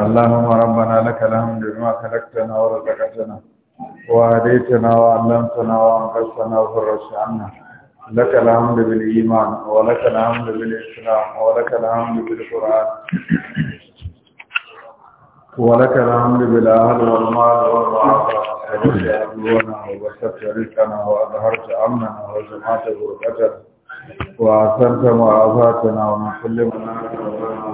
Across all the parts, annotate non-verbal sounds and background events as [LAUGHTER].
اللهم ربنا لك الحمد بما خلقتنا ورزقتنا وهديتنا وعلمتنا وانقذتنا وفرجت عنا لك الحمد بالايمان ولك الحمد بالاسلام ولك الحمد بالقران ولك الحمد بالاهل والمال والرعاة وبشرت عدونا واظهرت امننا وجمعت بركتنا واثرت معافاتنا ومن كل منافع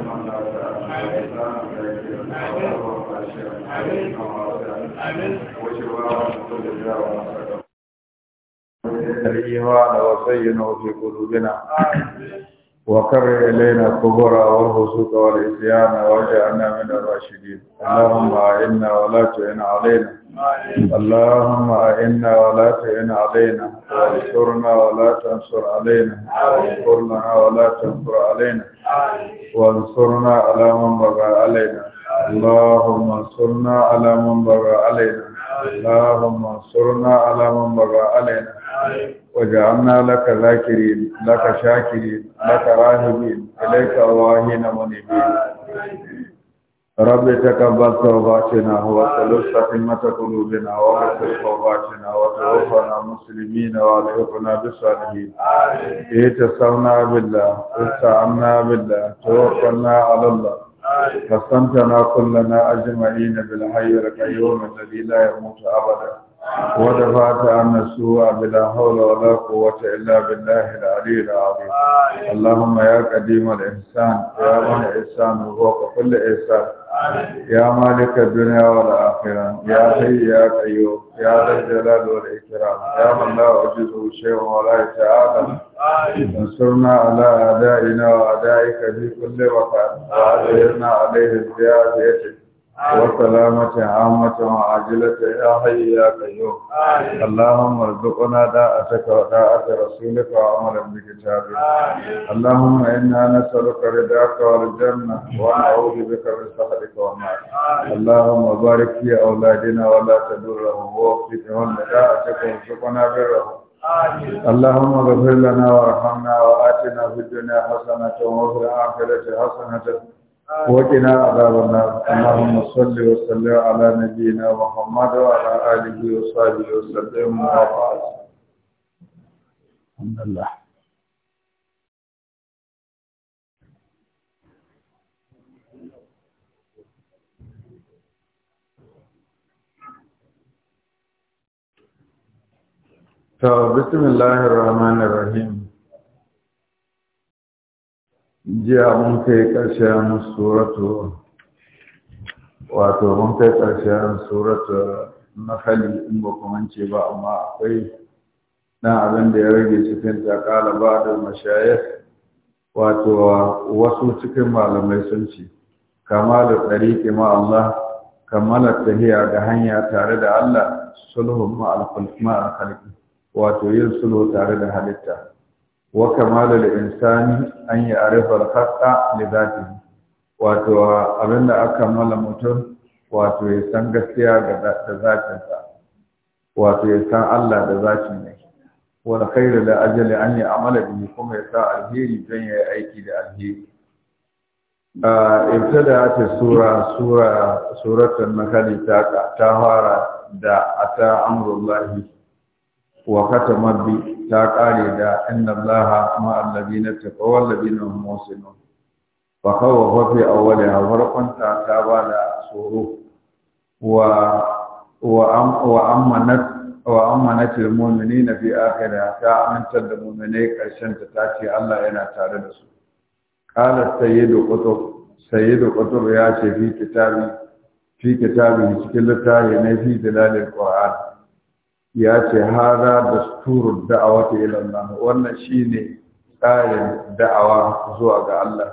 بشرا وكرر إلينا الكبر والفسوق والعصيان واجعلنا من الراشدين اللهم أعنا ولا تعين علينا اللهم أئنا ولا تئن علينا وانصرنا ولا تنصر علينا وانصر لنا ولا تنصر علينا وانصرنا على من بغى علينا اللهم انصرنا على من بغى علينا اللهم انصرنا على من بغى علينا وجعلنا لك ذاكرين لك شاكرين لك راهبين إليك الراهين منيبين رب تقبل توباتنا وتلف أئمة قلوبنا وغفر توباتنا وتوفنا مسلمين والحقنا بالصالحين اتصلنا بالله استعنا بالله توكلنا على الله قسمتنا كلنا أجمعين بالحي القيوم الذي لا يموت أبدا ودفعت عنا السوء بلا حول ولا قوة إلا بالله العلي العظيم اللهم يا قديم الإحسان يا من إحسان فوق كل إحسان يا مالك الدنيا والآخرة يا حي يا قيوم يا ذا الجلال والإكرام يا من لا أجده شيء ولا يتعالى انصرنا على أعدائنا وأعدائك في كل وقت وأجرنا عليه بآياتك وسلامة عامة وعاجلة يا حي يا قيوم اللهم ارزقنا داعتك وداعة رسولك وعملا بكتابك اللهم إنا نسألك رضاك والجنة ونعوذ بك من سخطك والنار اللهم بارك في أولادنا ولا تدرهم ووفقهم لداعتك وارزقنا برهم اللهم اغفر لنا وارحمنا وآتنا في الدنيا حسنة وفي الآخرة حسنة وقنا عذاب النار اللهم صل وسلم على نبينا محمد وعلى اله وصحبه وسلم وبارك الحمد لله بسم الله الرحمن الرحيم jiya mun kai ƙarshen suratu wato mun kai ƙarshen suratu na hali in ba kuma ce ba amma akwai ɗan abin da ya rage cikin takala ba da mashayar wato wasu cikin malamai sun ce kamalar ɗariƙi ma Allah kamala tahiya da hanya tare da Allah sulhun ma alkalki wato yin sulhu tare da halitta wa da insani an yi arifar haka da zafi wato abinda aka mala mutum wato ya san gaskiya da sa wato ya san Allah da zafi ne wani khairu da ajali an yi amala kuma ya sa alheri don ya yi aiki da alheri ibtada ta sura sura suratul makali ta fara da ata amrullahi wa khatama bi ta kare da inna allaha ma'al ladina taqaw wal ladina hum muhsinun fa khawfa fi awwaliha warqan ta ta bada tsoro wa wa am wa amanat wa amanat al mu'minina fi ta amintar da mu'minai karshen ta tace Allah yana tare da su qala sayyidu qutb sayyidu qutb ya ce fi kitabi fi kitabi cikin littafi ne fi dalalil qur'an ya ce hada dasturud da'awati ila Allah wannan shi ne tsarin da'awa zuwa ga Allah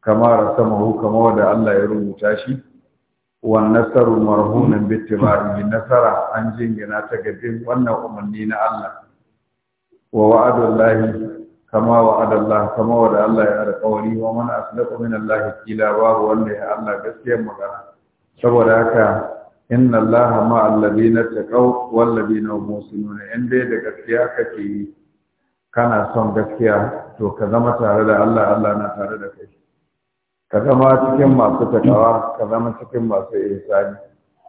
kama rasamahu kama wadda Allah ya rubuta shi wan nasaru marhunan bittiba'i nasara an jingina ta gabin wannan umarni na Allah wa lahi kama wa'adallah kama wadda Allah ya alƙawari wa mana aslaqu min Allah kila babu wanda ya Allah gaskiyar magana saboda haka inna allaha ma'al ladina taqaw wal ladina muhsinun in dai da gaskiya kake yi kana son gaskiya to ka zama tare da Allah Allah na tare da kai ka zama cikin masu takawa ka zama cikin masu ihsani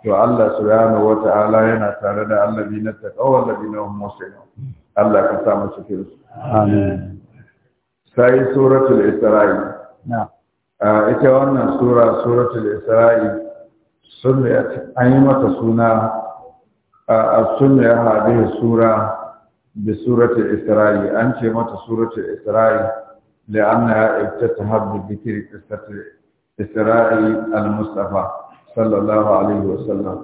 to Allah subhanahu Ta'ala yana tare da Allah, alladina taqaw wal ladina muhsinun Allah ka sa mu cikin su amin sai suratul isra'i na ah, ita wannan sura suratul isra'i yi mata suna a sunna ya hadihi sura bi surati isra'i an ce mata surati isra'i da anna ya ibtataha bi dhikri surati isra'i al-mustafa sallallahu alaihi wa sallam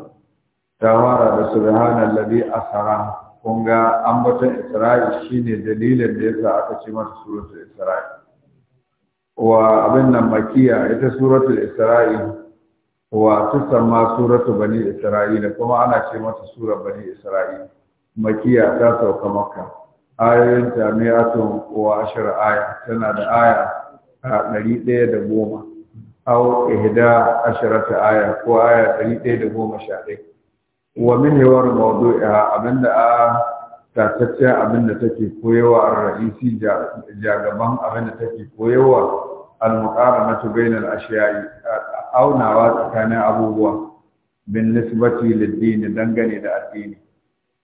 tawara bi subhanalladhi asara kunga ambata isra'i shine dalilin da yasa aka ce mata surati isra'i wa abin nan makiya ita suratul isra'i wa tusamma suratu bani isra'ila kuma ana ce mata sura bani isra'ila makiya ta sauka makka ayoyin ta mi'atun wa ashir aya tana da aya a ɗari ɗaya da goma au ihda asharata aya ko aya ɗari ɗaya da goma sha ɗaya wa min yawar mawdu'iha abinda a tatacciya abinda take koyewa a raisi jagaban abinda take koyewa al-muqaramatu bainal ashiya'i aunawa tsakanin abubuwa bin nisbati liddini dangane da addini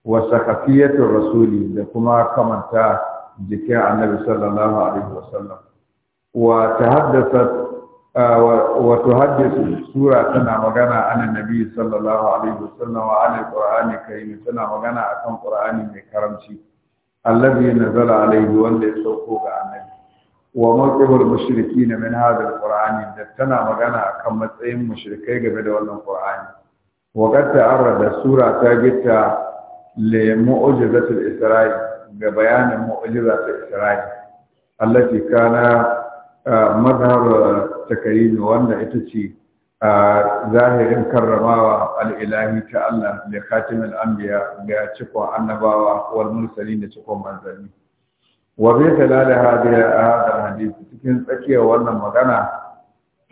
wa sakafiyatu rasuli da kuma kamanta jikin annabi sallallahu alaihi wasallam wa tahaddasat wa sura tana magana anan nabi sallallahu alaihi wasallam wa qur'ani karim tana magana akan qur'ani mai karamci allazi nazala alaihi wanda ya sauko ga annabi wa mawqiful mushrikin min hadha alquran da tana magana akan matsayin mushrikai game da wannan qur'ani wa qad ta'arrada sura ta gitta li mu'jizatil isra'i ga bayanin mu'jizatil isra'i allati kana madhhar takrim wanda ita ce zahirin karramawa al'ilahi ta Allah da katimin ambiya ga cikon annabawa wal mursali da cikon manzanni wa bi talala hadiya hadal hadith cikin tsakiyar wannan magana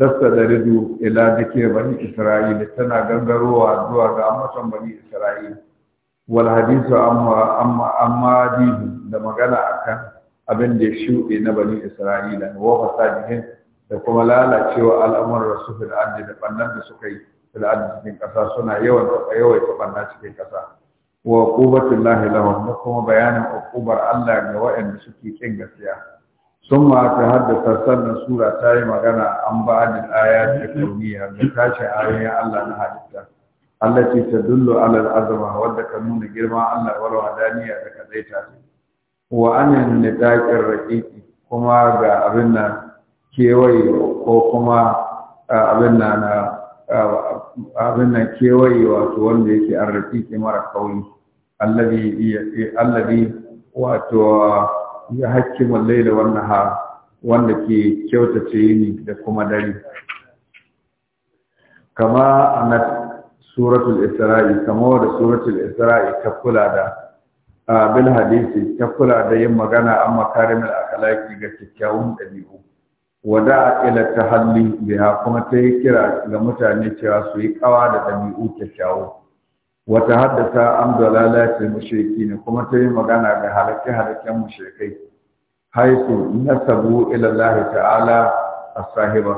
ridu, ila dake bani isra'ila tana gangarowa zuwa ga amsan bani isra'ila wal hadithu amma amma amma da magana akan abin da ya shuɗe na bani isra'ila wa fasadihin da kuma lalacewa al'amuran rasul da da bannan da suka yi fil cikin ƙasa suna yawan yawaita banna cikin ƙasa wa uqubatul lahi da kuma bayanin ukubar Allah ga waɗanda suke kin gaskiya sun ma ta haddasa sannan sura ta yi magana an ba da aya ta kauniya da tashi ayoyin Allah na halitta Allah ce ta dullo alal azama wadda ka nuna girma Allah wa rawadaniya da ta wa anan nidaqir raqiqi kuma ga abin nan kewaye ko kuma abin nan na abin nan kewaye wato wanda yake an mara ƙauye. allabi wato ya hakimin laila wannan ha wanda ke kyautace yini da kuma dare kama an suratul isra'i kama da suratul isra'i ta kula da bil hadisi ta kula da yin magana an makarimin akhlaqi ga kyakkyawan dabi'u wada ila tahalli biha kuma ta yi kira ga mutane cewa su yi kawa da dabi'u kyakkyawa wata haddasa an dalala ce mushriki ne kuma ta yi magana da halakke halakken mushrikai Haisu, nasabu ila Allah ta'ala as-sahiba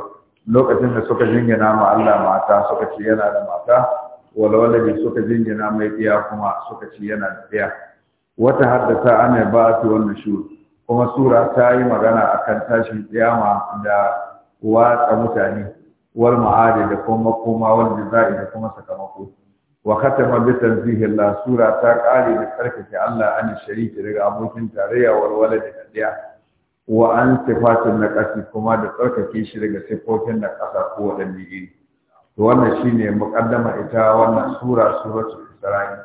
lokacin da suka jingina ma Allah mata suka ci yana da mata walwalabi suka jingina mai iya kuma suka ci yana da iya wata haddasa ana ba su wannan shuru kuma sura ta yi magana akan tashin kiyama da watsa mutane wal ma'adi da kuma koma wal jaza'i da kuma sakamako wa khatama bi tanzihi la sura ta kare da tsarkake Allah an shariki daga abokin tarayya wal walad da diya wa an na kasi kuma da tsarkake shi daga sifofin kasa ko wadanne iri to wannan shine muqaddama ita wannan sura suratul Isra'i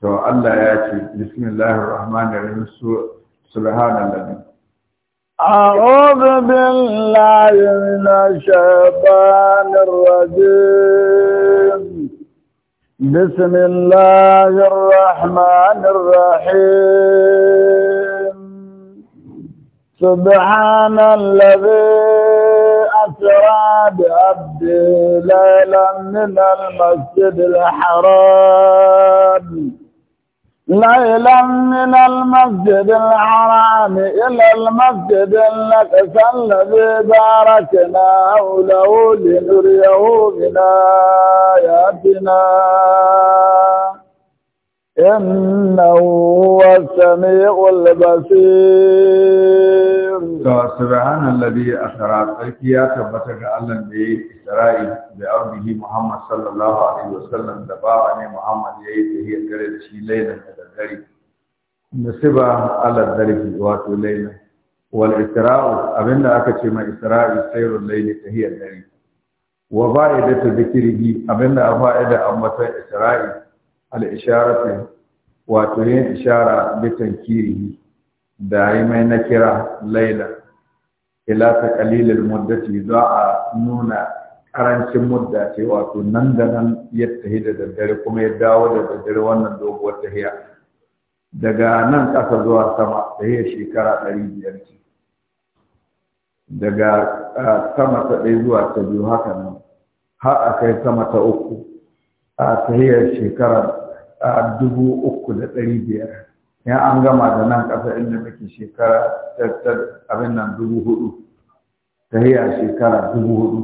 to Allah ya ce bismillahir rahmanir rahim subhanallahi a'udhu billahi minash shaitanir rajim بسم الله الرحمن الرحيم سبحان الذي أسرى بعبده ليلا من المسجد الحرام ليلا من المسجد الحرام إلى المسجد الأقصى الذي باركنا حوله لنريه من ربنا إنه هو السميع البصير سبحان الذي أسرى تركيا تبتك ألم بإسرائيل بأرضه محمد صلى الله عليه وسلم دباعني محمد يأتيه قرد شي ليلة هذا الدري نسبة على الدري واتو ليلة والإسراء أبن أكتما إسراء سير الليل تهي الدري wa fa'idatu zikrihi abinda a fa'ida mata isra'i al-isharatu wato yin ishara bitan tankirihi da yi mai na kira laila ila ta kalilil muddati za a nuna ƙarancin mudda ce wato nan da nan ya tahi da daddare kuma ya dawo da daddare wannan doguwar tahiya daga nan ƙasa zuwa sama tahiyar shekara ɗari biyar ce daga sama ta ɗaya zuwa ta biyu haka nan har a kai sama ta uku a tahiyar shekara dubu uku da ɗari biyar ya an gama da nan ƙasa inda muke shekara abin nan dubu hudu tahiyar shekara dubu hudu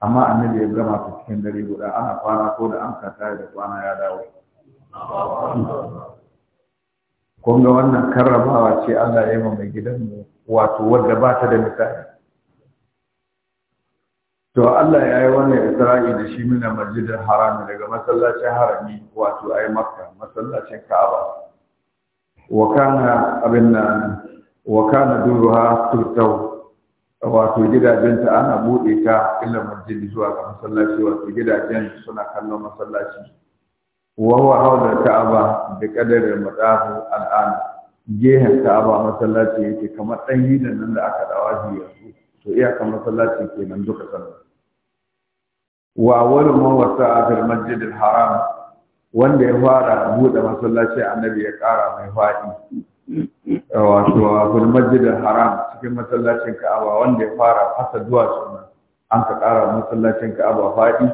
amma annabi ya gama ta cikin dare guda ana kwana ko da an kata da kwana ya dawo kun ga wannan karrabawa ce Allah ya yi mai gidanmu wato wadda ba ta da misali to Allah ya yi wannan isra'i da shi mina masjidin harami daga masallacin harami wato yi makka masallacin ka'aba wa kana abin nan wa kana duruha turtau wato gidajen ta ana bude ta illa masjidi zuwa ga masallaci wato gidajen suna kallon masallaci wa huwa hawla ka'aba da qadari madahu al'ada gehen ka'aba masallaci yake kamar dan gidan nan da aka dawa yanzu to iyaka masallaci nan duka sallah wa wani mawasa a filmajid haram wanda ya fara buɗe masallaci annabi ya ƙara mai faɗi wato a haram cikin masallacin ka'aba wanda ya fara fasa zuwa suna an ka ƙara masallacin ka'aba faɗi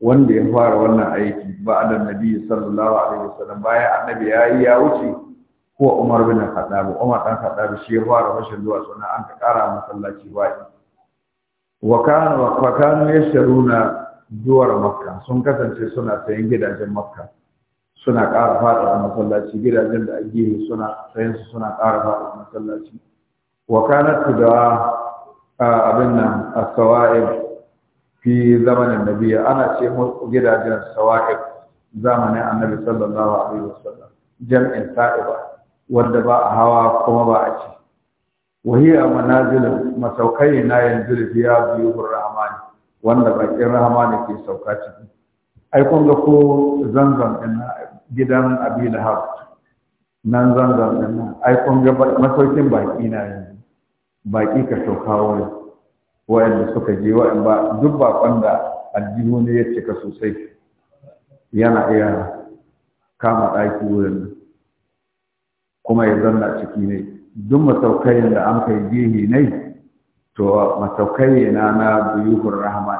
wanda ya fara wannan aiki ba a da nabi sallallahu alaihi wasallam bayan annabi ya yi ya wuce ko umar bin khattab umar dan khattab shi ya fara fashin zuwa suna an ka ƙara masallaci faɗi wa kanu wa kanu duwar makka sun kasance suna sayan gidajen makka suna ƙara fata a masallaci gidajen da ake suna sayan su suna ƙara fata a masallaci wa kanat abin nan as-sawa'ib fi zamanin nabiyya ana ce gidajen sawa'ib zamanin annabi sallallahu alaihi wasallam jam'in sa'iba wanda ba a hawa kuma ba a ci wahiya manazilin masaukai na yanzu da biya biyu rahmani wanda bakin rahamani ke sauka ciki ai kun ga ko zanzan din gidan abin lahab nan zanzan din ai kun ga masaukin baki na yanzu baki ka sauka wani wa'anda suka je wa'anda ba duk bakon da aljihu ne ya cika sosai yana iya kama ɗaki wurin kuma ya zanna ciki ne duk masaukayin da an kai jihi ne to masaukai na na buyuhur rahman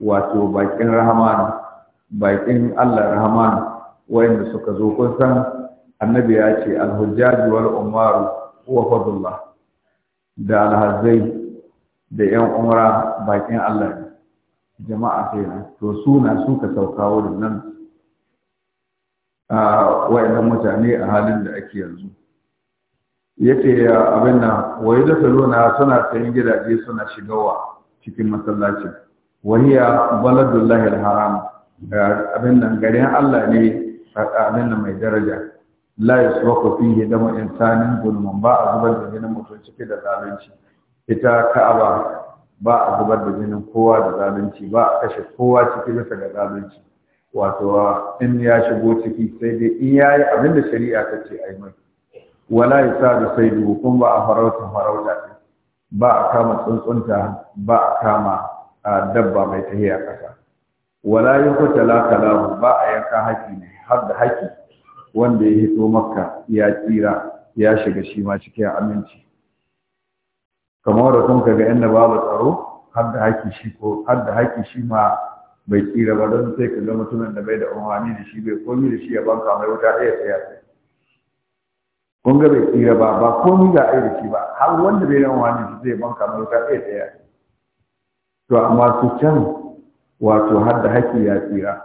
wato bakin rahman bakin Allah rahman wayanda suka zo kun san annabi ya ce alhujjaj wal umaru wa fadlullah da alhazai da yan umra bakin Allah jama'a sai to suna suka saukawo da nan a mutane a halin da ake yanzu ya abin nan wai da na suna sayin gidaje suna shigawa cikin masallacin ya, wahiya baladullahi alharam abin nan garin Allah ne abin nan mai daraja la yasraqu fihi dama insanin gulman ba a zubar da jinin mutum ciki da zalunci ita ka'aba ba a zubar da jinin kowa da zalunci ba a kashe kowa ciki bisa ga zalunci wato in ya shigo ciki sai dai in yayi abin da shari'a ta ce ai mai wala ya sa da sai dubu kun ba a farauta farauta ce ba a kama tsuntsunta ba a kama dabba mai tahiya ƙasa wala ya kwata lakalahu ba a yanka haki ne har da haki wanda ya hito makka ya tsira ya shiga shi ma cikin aminci kamar da kun kaga inda babu tsaro har da haki shi ko har da haki shi ma bai tsira ba don sai ka ga mutumin da bai da umarni da shi bai komi da shi ya banka mai wuta ɗaya tsaya kun ga bai tsira ba ba komi ga ai da shi ba har wanda bai ran wani shi zai banka mai ta ɗaya ɗaya to amma su can wato har da haƙƙi ya tsira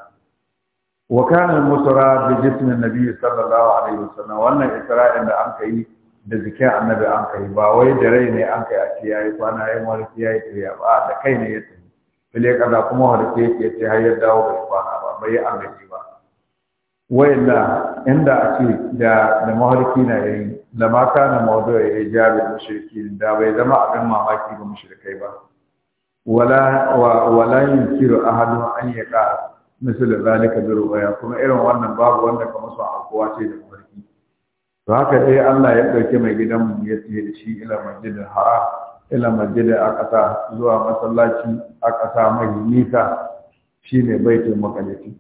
wa kana musara bi jismin nabi sallallahu alaihi wasallam wannan isra'in da an yi da jikin annabi an kai ba wai da rai ne an kai a ce kwana yayi warki yi tsiriya ba da kai ne ya tafi bile kaza kuma warki yake ce har ya dawo bai kwana ba bai yi amince ba wayanda inda a ce da da maharki na yi da mata na mawdu ya yi jabi mushriki da bai zama abin mamaki ga mushrikai ba wala wa wala yunkiru ahadun an ka misal zalika bi ru'ya kuma irin wannan babu wanda kamar su akuwa ce da maharki to haka dai Allah ya dauke mai gidan mu ya ce da shi ila masjidil haram ila masjidil aqsa zuwa masallaci aqsa mai nisa shine baitul maqdis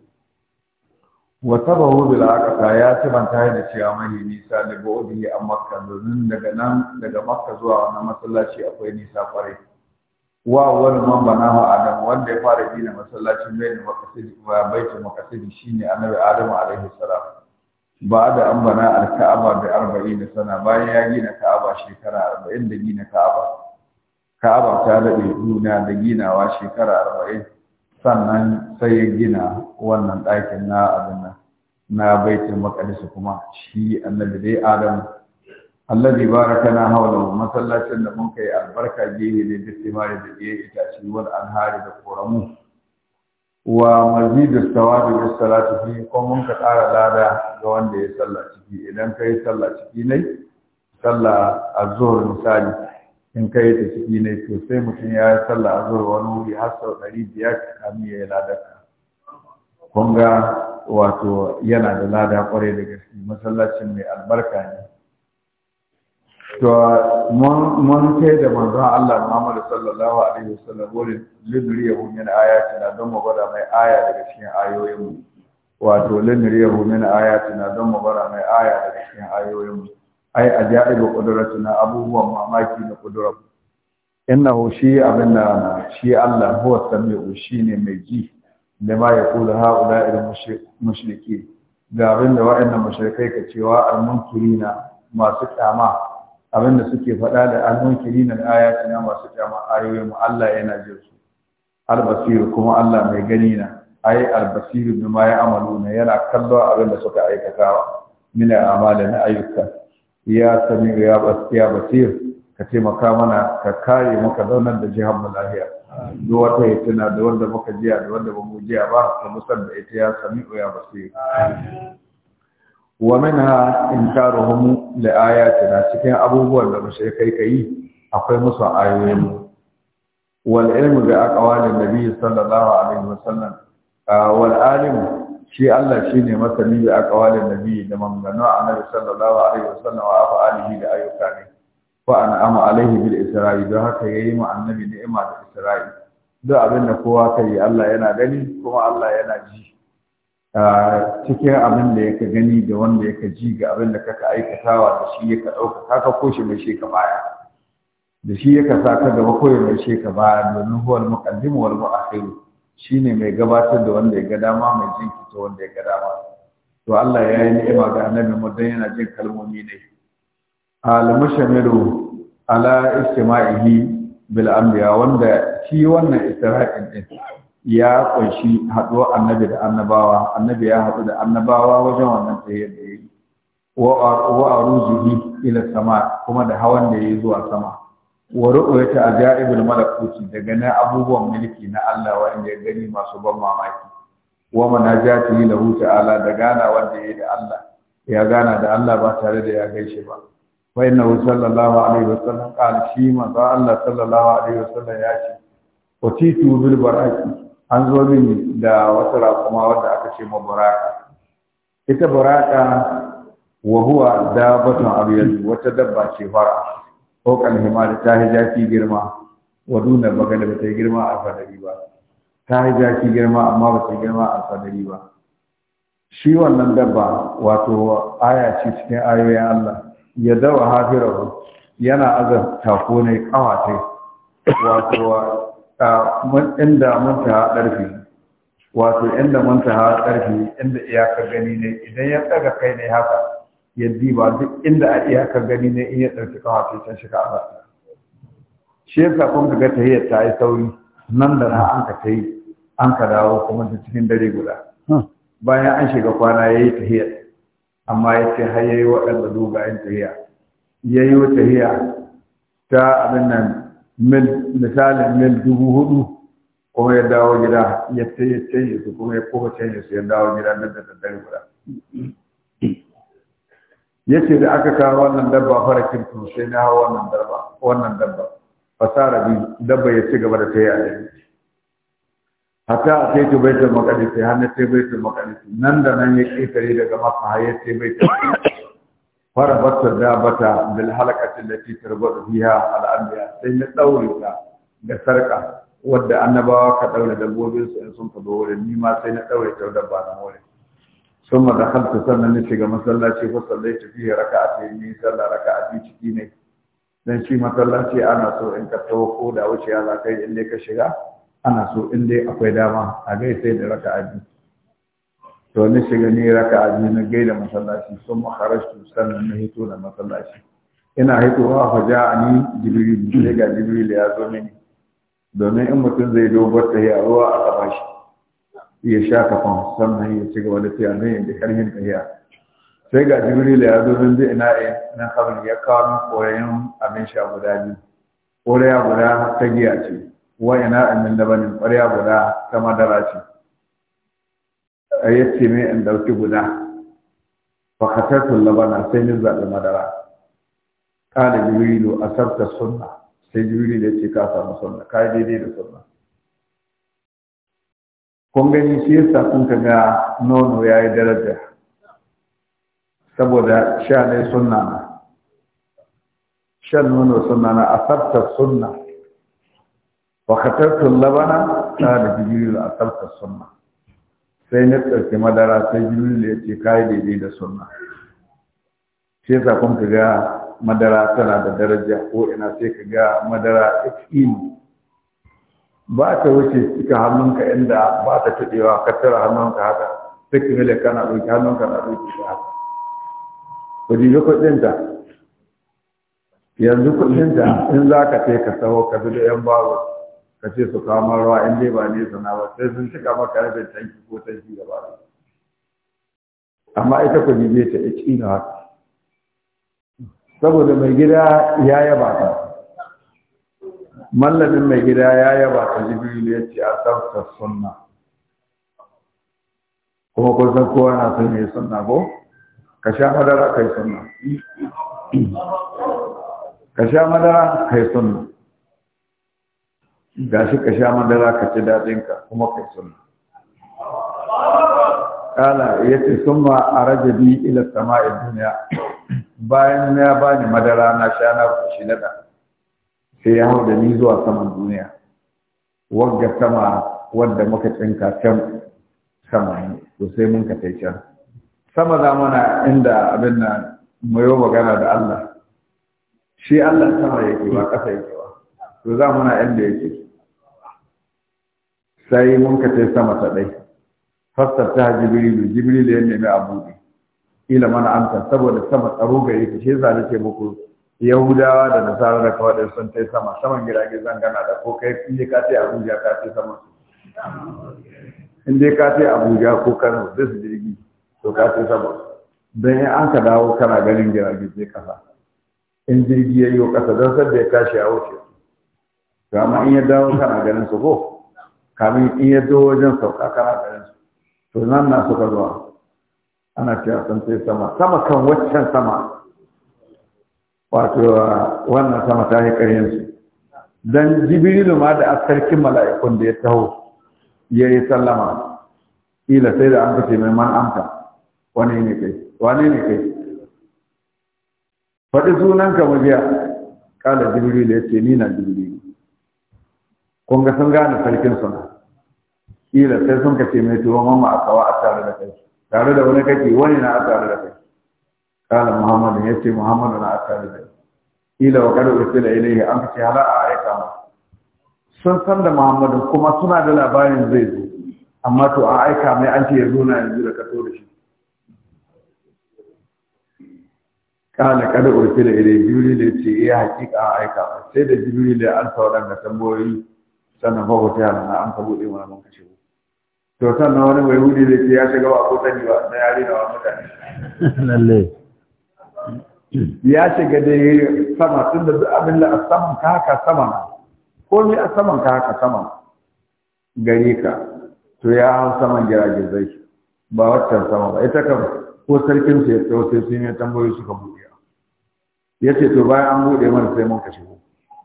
wata bahu bila akasa ya tabanta da cewa mai nisa daga odihi a makka domin daga nan daga makka zuwa wani masallaci akwai nisa kwarai wa wani man bana adam wanda ya fara gina masallacin bai da makasiri ba baitul makasidi shine annabi a alaihi salam ba da an bana alka'aba da arba'in da sana bayan ya gina ka'aba shekara arba'in da gina ka'aba ka'aba ta daɗe duniya da ginawa shekara arba'in sannan sai ya gina wannan ɗakin na abin nan na baitin makalisa kuma shi annabi dai adam baraka barakana hawlahu masallacin da mun kai albarka gehe ne da timari da ita itace wal anhari da koramu wa mazidu tawabi bis salati fi ko mun ka tsara lada ga wanda ya salla ciki idan kai salla ciki ne salla azhur misali in ka yi ta ciki ne to sai mutum ya yi sallah a zuwa wani wuri har sau ɗari biyar kamin ya yi lada kun ga wato yana da lada ƙwarai da gaske masallacin mai albarka ne to mun kai da manzon Allah Muhammad sallallahu alaihi wasallam wurin lidriyahu min na don mu gwada mai aya daga cikin ayoyin mu wato lidriyahu min na don mu gwada mai aya daga cikin ayoyin mu ai ajaibu qudratuna abubuwan mamaki da qudrar innahu shi abinda shi Allah huwa samiu shine mai ji da ma ya kula haula il mushriki ga abinda wa'annan mushrikai ka cewa al-munkirina masu kyama abinda suke faɗa da al-munkirina da ayatina masu kyama ayoyin mu Allah yana jin su al-basir kuma Allah mai gani na ai al-basir bima ya amalu na yana kallon abinda suka aikata mina amala na ayyuka ya sami ya basiya basir ka taimaka mana ka kare maka zaunar da jihar mu lahiya duk wata ya tuna da wanda muka jiya da wanda bamu jiya ba ka musar da ita ya sami ya basir wa minha da li ayatina cikin abubuwan da mushrikai kai akwai musu ayoyin wal ilmu bi aqwalin nabi sallallahu alaihi wasallam ah, wal shi Allah shi ne masani da aqwalin nabi da mangano annabi sallallahu alaihi wasallam wa alihi da ayyuka ne wa an'ama alaihi bil isra'i don haka yi ma annabi ni'ima da isra'i duk abin da kowa yi Allah yana gani kuma Allah yana ji cikin abin da yaka gani da wanda yaka ji ga abin da kaka aikatawa da shi yaka ɗauka kaka ko shi mai sheka baya da shi yaka sa ka gaba ko mai sheka baya domin huwar muqaddim wal mu'akhiru Shi ne mai gabatar da wanda ya ga dama mai jin fito wanda ya ga dama to Allah ya yi ni'ima ga annabi mu don yana jin kalmomi ne al mushamiru ala istima'ihi bil anbiya wanda shi wannan isra'in din ya ƙunshi haɗuwar annabi da annabawa annabi ya haɗu da annabawa wajen wannan tsaye da ya yi wa aruzuhi ila sama kuma da hawan da ya yi zuwa sama wa ru'yata ajaibul malakuti daga na abubuwan mulki na Allah wanda ya gani masu ban mamaki wa manajati lahu ta'ala da gana wanda yayi da Allah ya gana da Allah ba tare da ya gaishe ba fa inna sallallahu alaihi wasallam qala shi za Allah sallallahu alaihi wasallam ya ce utitu bil baraki an zo min da wata rakuma wanda aka ce ma baraka ita baraka wa huwa dabatun abyad wata dabba ce fara fokal da ta yi ki girma wa duna Magana, ba ta yi girma a Al-Fadari ba ta yi ki girma amma ba ta yi girma a Al-Fadari ba shi wannan dabba wato aya ce cikin ayoyin Allah ya dawa hafirahu yana aza ko ne kawatai wato inda mun ta ɗarfi wato inda mun ta ƙarfi inda iyaka gani ne idan ya ɗaga kai ne haka ya ba duk inda a iya ka gani ne in ya ɗauki kawafi can shiga a basa shi ya sa ga daga ta yi sauri nan da nan an ka ta yi an ka dawo kuma ta cikin dare guda hmm. bayan an shiga kwana ya yi tahiyyar amma ya ce har ya yi waɗanda dogayen tahiyya ya yi wa tahiyya ta abin nan misalin mil dubu hudu kuma ya dawo gida ya ce ya canje su kuma ya kofa canje su ya dawo gida nan da daddare guda yace da aka kawo wannan dabba farakin to sai na hawa wannan dabba wannan dabba fasara bi dabba ya ci gaba da yi a dai hatta a kai baitul maqdis sai hannun sai ta maqdis nan da nan ya ƙetare daga maka har ya Fara bata da bata, bil halaqati da tarbatu fiha biya, al'adiyya sai na ɗaure ta da sarƙa wadda annabawa ka ɗaure dabbobinsu in sun ka wurin ni ma sai na ɗaure ta dabba na wurin ثم دخلت سنة نشيغا مسلاتي فصليت فيه ركعتين من صلى ركعتين cikinai. dan shi masallaci ana so in ka tawo ko da wuce ya za kai in dai ka shiga ana so in dai akwai dama a gai sai da raka biyu to ni shiga ni raka biyu na gai da masallaci sun makarashtu sannan na hito da masallaci ina hitowa a ni jibril sai ga jibril ya zo mini domin in mutum zai dogon tahiya ruwa a kafa shi iya sha kafan sannan ya ci gaba da sai annan da karhin tahiya sai ga jibril ya zo min zai ina na kawai ya kawo min abin sha guda biyu ƙwarya guda ta giya ce wa ina da labanin ƙwarya guda ta madara ce yi ce mai in ɗauki guda fakatattun labana sai ni zaɓi madara ƙada jibrilu a sarta sunna sai jibrilu ya ce ka samu sunna ka yi daidai da sunna kun gani shi yasa kun ka ga nono ya yi daraja saboda sha ne sunna na shan nono sunna na asabta sunna wa tattun labana ta da a sarta sunna sai na tsarki madara sai jibril ya ce yi daidai da sunna shi yasa kun ka ga madara tana da daraja ko ina sai ka ga madara ilimi ba ta wuce cika hannunka inda ba ta tuɗewa ka tara hannunka haka sai ka mele kana ɗauki hannunka na ɗauki ta haka ku din kuɗinta yanzu kuɗinta in za ka ce ka sawo ka bi da yan babu ka ce su kama ruwa in dai ba nesa na ba sai sun cika maka da tanki ko ta gaba da amma ita ku dibe ta ci na haka saboda mai gida ya yaba ka mallamin mai gida ya yaba ta jibril ya ce a tsaftar sunna kuma kun san kowa na son yi sunna ko ka sha madara kai sunna ka sha madara kai sunna gashi ka sha madara ka ci daɗinka kuma kai sunna kala ya ce sun ma a rajabi ila sama'in duniya bayan ya bani madara na sha na kushi na ɗan sai ya hau da ni zuwa saman duniya wagga sama wadda muka tsinka can sama ne to sai mun ka tai can sama za mana inda abin nan mayo magana da Allah shi Allah sama yake ba ƙasa yake ba to za muna inda yake sai mun ka tai sama ta dai Fasar ta jibril jibril ya nemi abu ila mana amsa saboda sama tsaro ga yake shi sai muku yahudawa da nasara da kawai sun tai sama saman girage gana da ko kai in dai ka tai abuja ka tai sama in dai ka tai abuja ko kano da su jirgi to ka tai sama don in an ka dawo kana ganin girage zai kasa in jirgi ya yi wa kasa don sadda ya tashi a wuce to amma in ya dawo kana ganin su ko kamin in ya dawo wajen sauka kana ganin su to nan na suka zuwa ana cewa sun tai sama sama kan waccan sama wato wannan sama ta haikarin su dan jibrilu ma da askarkin mala'ikun da ya taho ya yi sallama ila sai da an kace mai man amta wani ne kai wani ne kai faɗi sunanka mu biya kala jibrilu ya ce ni na jibrilu kun ga sun gane sarkin suna ila sai sun kace mai tuwa mamma a kawa a tare da kai tare da wani kake wani na a tare da kai kala muhammadu ya ce muhammadu na asali da ila wa kada usila ilaihi an ce hala a aika sun san da muhammadu kuma suna da labarin zai zo amma to a aika mai an ce ya zo na yanzu da ka da shi kana kada urfila ilai jibril ce ya hakika a aika sai da jibril ya an sauran da tamboyi sannan ba hoto yana na an ka bude wani mun kashe ku to sannan wani mai hudi da ke ya shiga ba ko sani ba na yare da wa mutane lalle ya shiga da ya sama tun da abin da a saman ka haka sama ko ne a saman ka haka sama gare ka to ya hau saman giragizai ba wata sama ba ita kan ko sarkin ya tsawo sai sun yi tambayoyi suka buɗe ya ce to bayan an buɗe mana sai mun ka shigo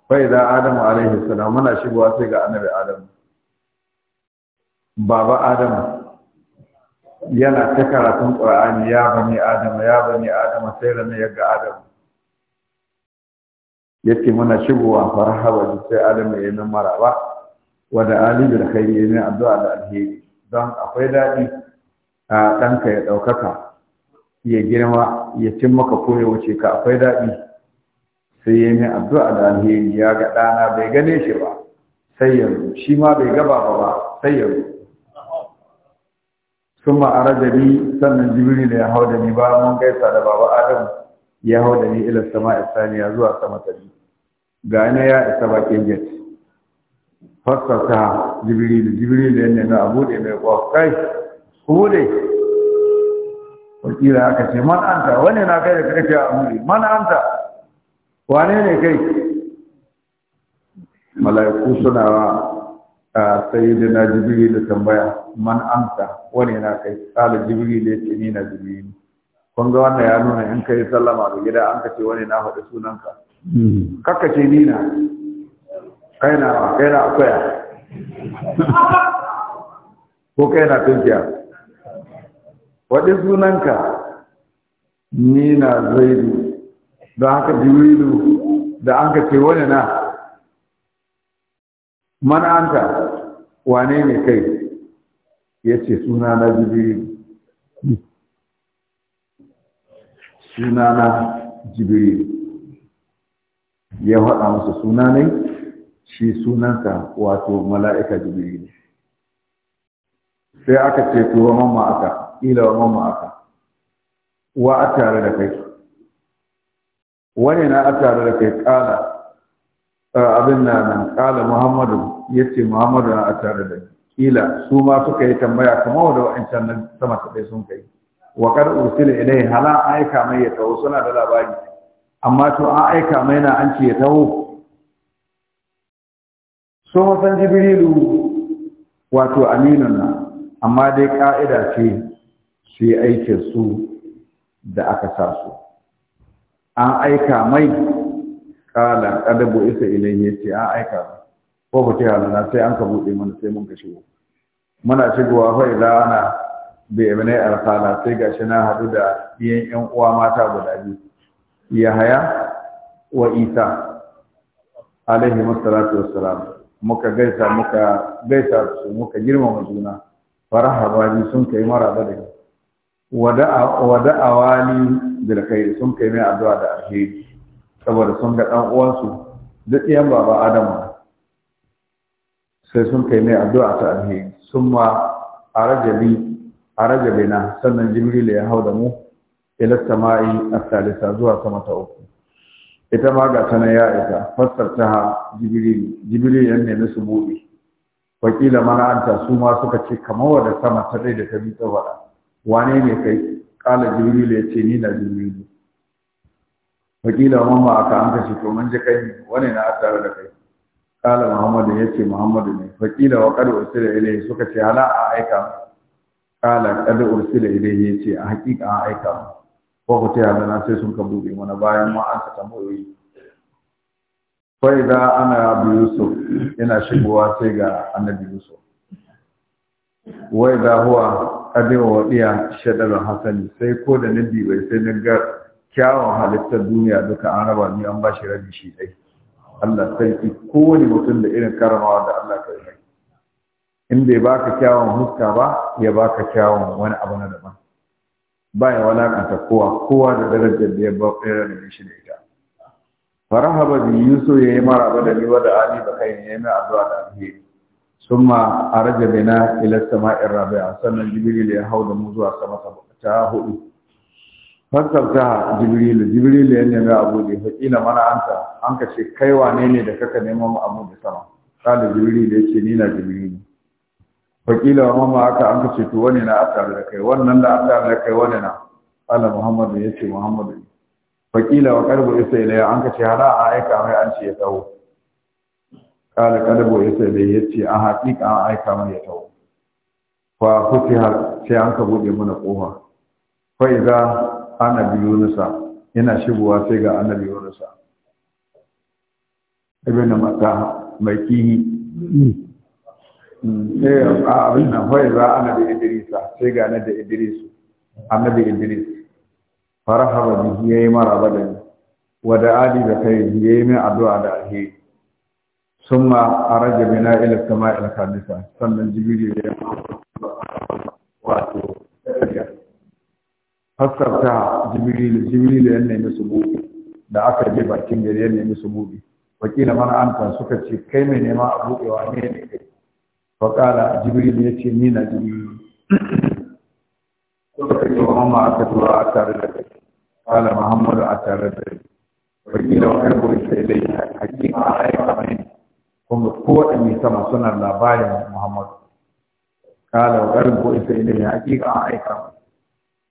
fai da adamu alaihi salam muna shigowa sai ga annabi adamu baba adamu yana ta karatun ƙur'ani ya bani adama ya bani adama sai rana ya ga adamu yace muna shigowa faraha da sai adamu ya nan maraba alibi da kai ya yi addu'a da alheri don akwai daɗi a ɗanka ya ɗaukaka ya girma ya cin maka ko ya wuce ka akwai daɗi sai ya yi addu'a da alheri ya ga ɗana bai gane shi ba sai yanzu shi ma bai gaba ba sai yanzu sun ma'ara da ni sannan da ya hau da ni ba mun gaisa da baba adam ya hau da ni ila sama isaniya zuwa sama ta biyu ga ina ya isa bakin jibiri da jibiri da ya nemi a bude mai kwa kai ku bude wakila aka ce man anta wani na kai da kake a muri man anta wane ne kai mala'iku suna sai jibiri da tambaya man amsa wani na kai kala jibril ya ce ni na jibril kun ga wannan ya nuna in kai sallama ga gida an ka ce wani na faɗi sunanka mm-hmm. kakka ce ni na kai na kai na akwaya [LAUGHS] ko kai na tunkiya faɗi sunanka ni na zaidu don haka jibrilu da an ka ce wani na Mana'anta wane ne kai ya ce suna na jibiri suna na jibiri ya haɗa masa suna ne shi sunansa wato mala'ika jibiri ne sai aka ce to wa mamma aka ila wa mamma aka wa a tare da kai wani na a tare da kai ƙala abin na kala muhammadu ya ce muhammadu na a tare da kila su ma suka yi tambaya kamar wadda wa'ancan nan sama su ɗaya sun kai wa kar ursila ilai hala an aika mai ya taho suna da labari amma to an aika mai na an ce ya taho so san jibrilu wato aminun na amma dai ƙa'ida ce su yi aikin su da aka sa su an aika mai kala adabu bu isa ya yace a aika ko ba ta na sai an ka bude mana sai mun ka shigo muna shigowa fa idan ana bi ibn al-qala sai gashi na hadu da iyan yan uwa mata guda biyu yahaya wa isa alaihi wassalatu wassalam muka gaisa muka gaisa su muka girmama juna farahaba ni sun kai mara da Wada awali bil khair sun kai mai addu'a da alheri saboda sun ga ɗan uwansu duk ɗiyan baba adamu sai sun kai mai addu'a ta alheri sun ma a rajabi a na sannan jibril ya hau da mu ila sama'i a salisa zuwa sama ta uku ita ma ga tana ya ita ta ha jibrilu jibril ya nemi su buɗe wakila mana anta su ma suka ce kamar wadda sama ta da ta bi tsawara. wane ne kai kala jibrilu ya ce ni na jibril wakila mun ba aka an kashe to mun ji kai wani na tare da kai kala muhammadu ya ce muhammadu ne wakila wa kada ursila ilaihi suka ce hala a aika kala kada ursila ilaihi ya ce a hakika a aika ko ku ta yana sai sun ka buɗe mana bayan ma an ka tambayoyi kai da ana abu yusuf yana shigowa sai ga annabi yusuf wai da huwa kadewa waɗiya shadar hasani sai ko da nabi bai sai na ga kyawun halittar duniya duka an raba ni an ba shi rabi shi dai Allah sarki kowane mutum da irin karamawa da Allah ka yi in bai baka kyawun huska ba ya baka kyawun wani abu na daban ba ya walakanta kowa kowa da darajar da ya ba da shi da ita farahaba bi yuso ya yi maraba da liwa da ali ba kai ne mai addu'a da alheri a araja bina ila sama'in rabi'a sannan jibril ya hau da mu zuwa sama ta hudu fassarta jibrilu jibrilu ya nemi abu da ya kila mana anta an ka ce kai wane ne da kaka neman abu da sama kada jibrilu ya ce ni na jibrilu fakila wa mama aka an ka ce to wani na aka da kai wannan da aka da kai wani na Allah muhammadu ya ce muhammadu fakila wa karbu isa ilaya an ka ce hana a aika mai an ce ya tawo kada karbu isa ilaya ya ce a haƙiƙa an aika mai ya tawo fa har sai an ka buɗe mana ƙofa fa annabi yunusa yana shigowa sai ga annabi yunusa ibn mata mai kihi sai eh, a abin nan hoyi za annabi idris sai ga na da idris annabi idris farahaba bihi yayi maraba da ni wa da ali da kai yayi min addu'a da alheri summa araja bina ila sama'il kanisa sannan jibril ya haskarta jibrilu jibrilu ya nemi su buɗe da aka je bakin gari ya nemi su buɗe wakila mana an kan suka ce kai mai nema a buɗewa ne ne kai faƙala jibrilu ya ce ni na jibrilu suka ce muhammad aka tura a tare da kai Kala muhammadu a tare da kai wakila ko isa ita ya hakika a aika mai kuma kowaɗanne sama suna labarin muhammadu kala wa ko ita ya hakika a aika mai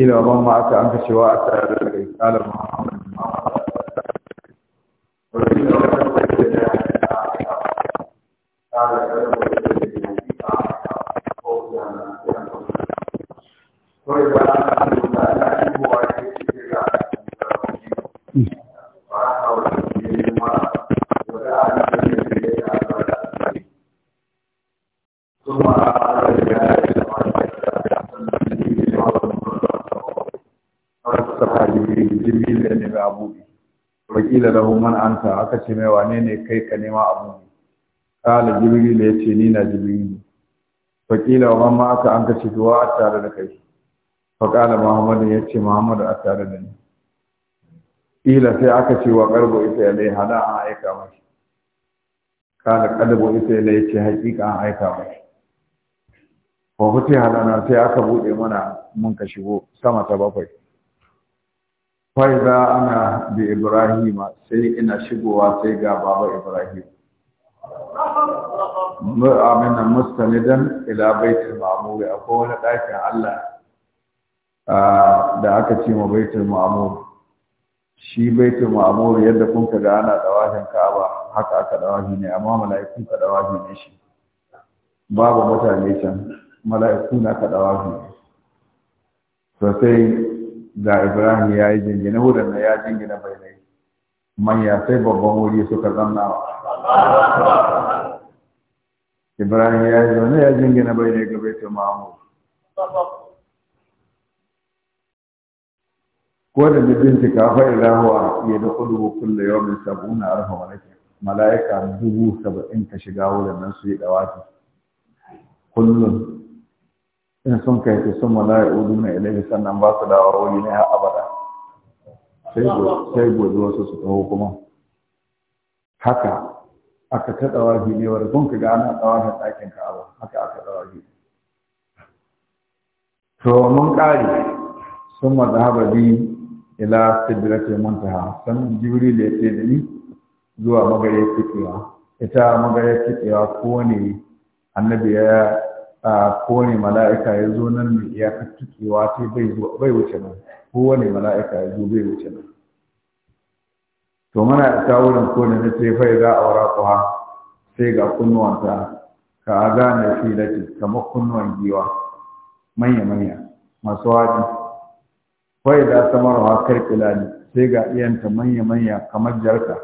kila ma aka an ka cewa a tare da qila lahu man anta aka ce mai wane ne kai ka nema abu qala jibril ya ce ni na jibril fa qila wa man aka an ka ce duwa tare da kai fa qala muhammad ya ce muhammad a tare da ni qila sai aka ce wa qarbu ita ya lai hada an aika mashi qala qadabu ita ya lai ce haƙiƙa an aika mashi ko hutu halana sai aka bude mana mun ka shigo sama ta bakwai faiza ana da ibrahima sai ina shigowa sai ga baba ibrahim abin nan mustanidan ila baitul ma'mur akwai wani ɗakin Allah da aka ce ma baitul ma'amuri shi baitul ma'amuri yadda kun ka ga ana ka Ka'aba haka aka ɗawahi ne amma mala'ikun ka ɗawahi ne shi babu mutane can mala'ikun na ka ɗawahi ne sosai. ga ibrahim ya yi jingina hudun na ya jingina bai nai manya sai babban wuri suka zanna ibrahim ya yi zaune ya jingina bai nai ga baitul mahmud ko da bincika fa ilahuwa ya da kudu kulle yau sabu na arfa malaka mala'ika dubu saba'in ka shiga wurin nan su yi dawaki kullum in sun kai su sun mana ya udu na ilaihi sannan ba su dawa wani ne a abada sai gobe wasu su taho kuma haka aka ta dawa ne wanda sun ka gana dawa da ɗakin ka'aba haka aka dawa ne to mun ƙari sun mazhaba bi ila sidratul muntaha sannan jibril ya ce da ni zuwa magariyar fitiwa ita magariyar fitiwa ko ne annabi ya ko ne mala'ika ya zo nan mai iyakar tukewa sai bai wuce nan kowane mala'ika ya zo bai wuce nan to muna isa wurin ko na ce fai za a wara kuwa sai ga kunnuwanta ka a gane shi ke kamar kunnuwan giwa manya-manya masu waɗi fai za samarwa karkila ne sai ga iyanta manya-manya kamar jarka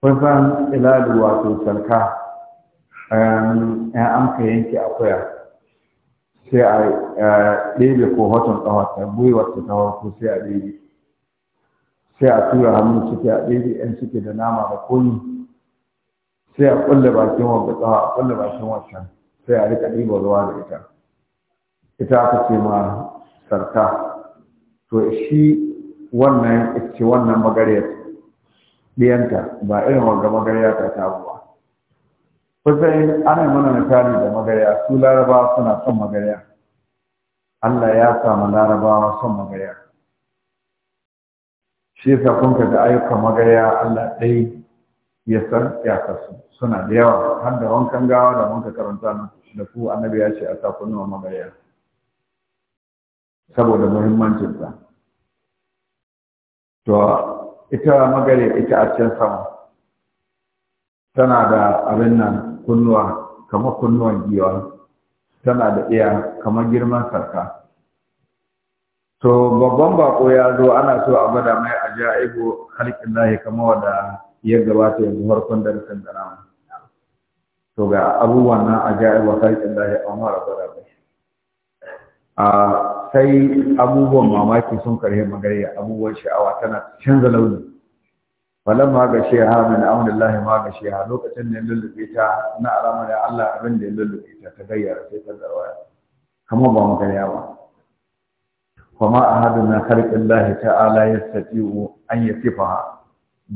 kun san ilalu wato sarka in amka yanki yanke akuya sai a ɗebe ko hoton ƙawarta gwiwarta ta ko sai a ɗebe sai a tura hannu ciki a ɗebe ɗan ciki da nama da koyi sai a ƙulle bakin wanda tsawa a ƙulle bakin wancan sai a riƙa ɗiba ruwa da ita ita aka ce ma sarka to shi wannan ce wannan magariyar ɗiyanta ba irin wanga magarya ta ta kusan ana mana misali da magarya su larabawa suna son magarya Allah ya samu larabawa son magarya shi yasa kun ga ayyukan magarya Allah ɗai ya san ya kasu suna da yawa har da wankan gawa da wanka karanta da ku annabi ya ce a sa kunnuwa magarya saboda muhimmancinsa to ita magarya ita a can sama tana da abin nan kunnuwa kamar kunnuwan giwa tana da iya kamar girman sarka to babban bako ya zo ana so a gwada mai ajaibu halkin lahi kamar wanda ya gabata yanzu farkon darasin da namu to ga abubuwan nan ajaibu halkin lahi a mara gwada mai a sai abubuwan mamaki sun karhe magariya abubuwan sha'awa tana canza launi falan ma ga sheha min amrillahi ma ga sheha lokacin da ya lullube ta na alamar Allah abin da ya lullube ta ta gayyara sai ta zarwaya kama ba mu gariya ba kuma a hadu na kharqin lahi ta'ala yastati'u an yasifaha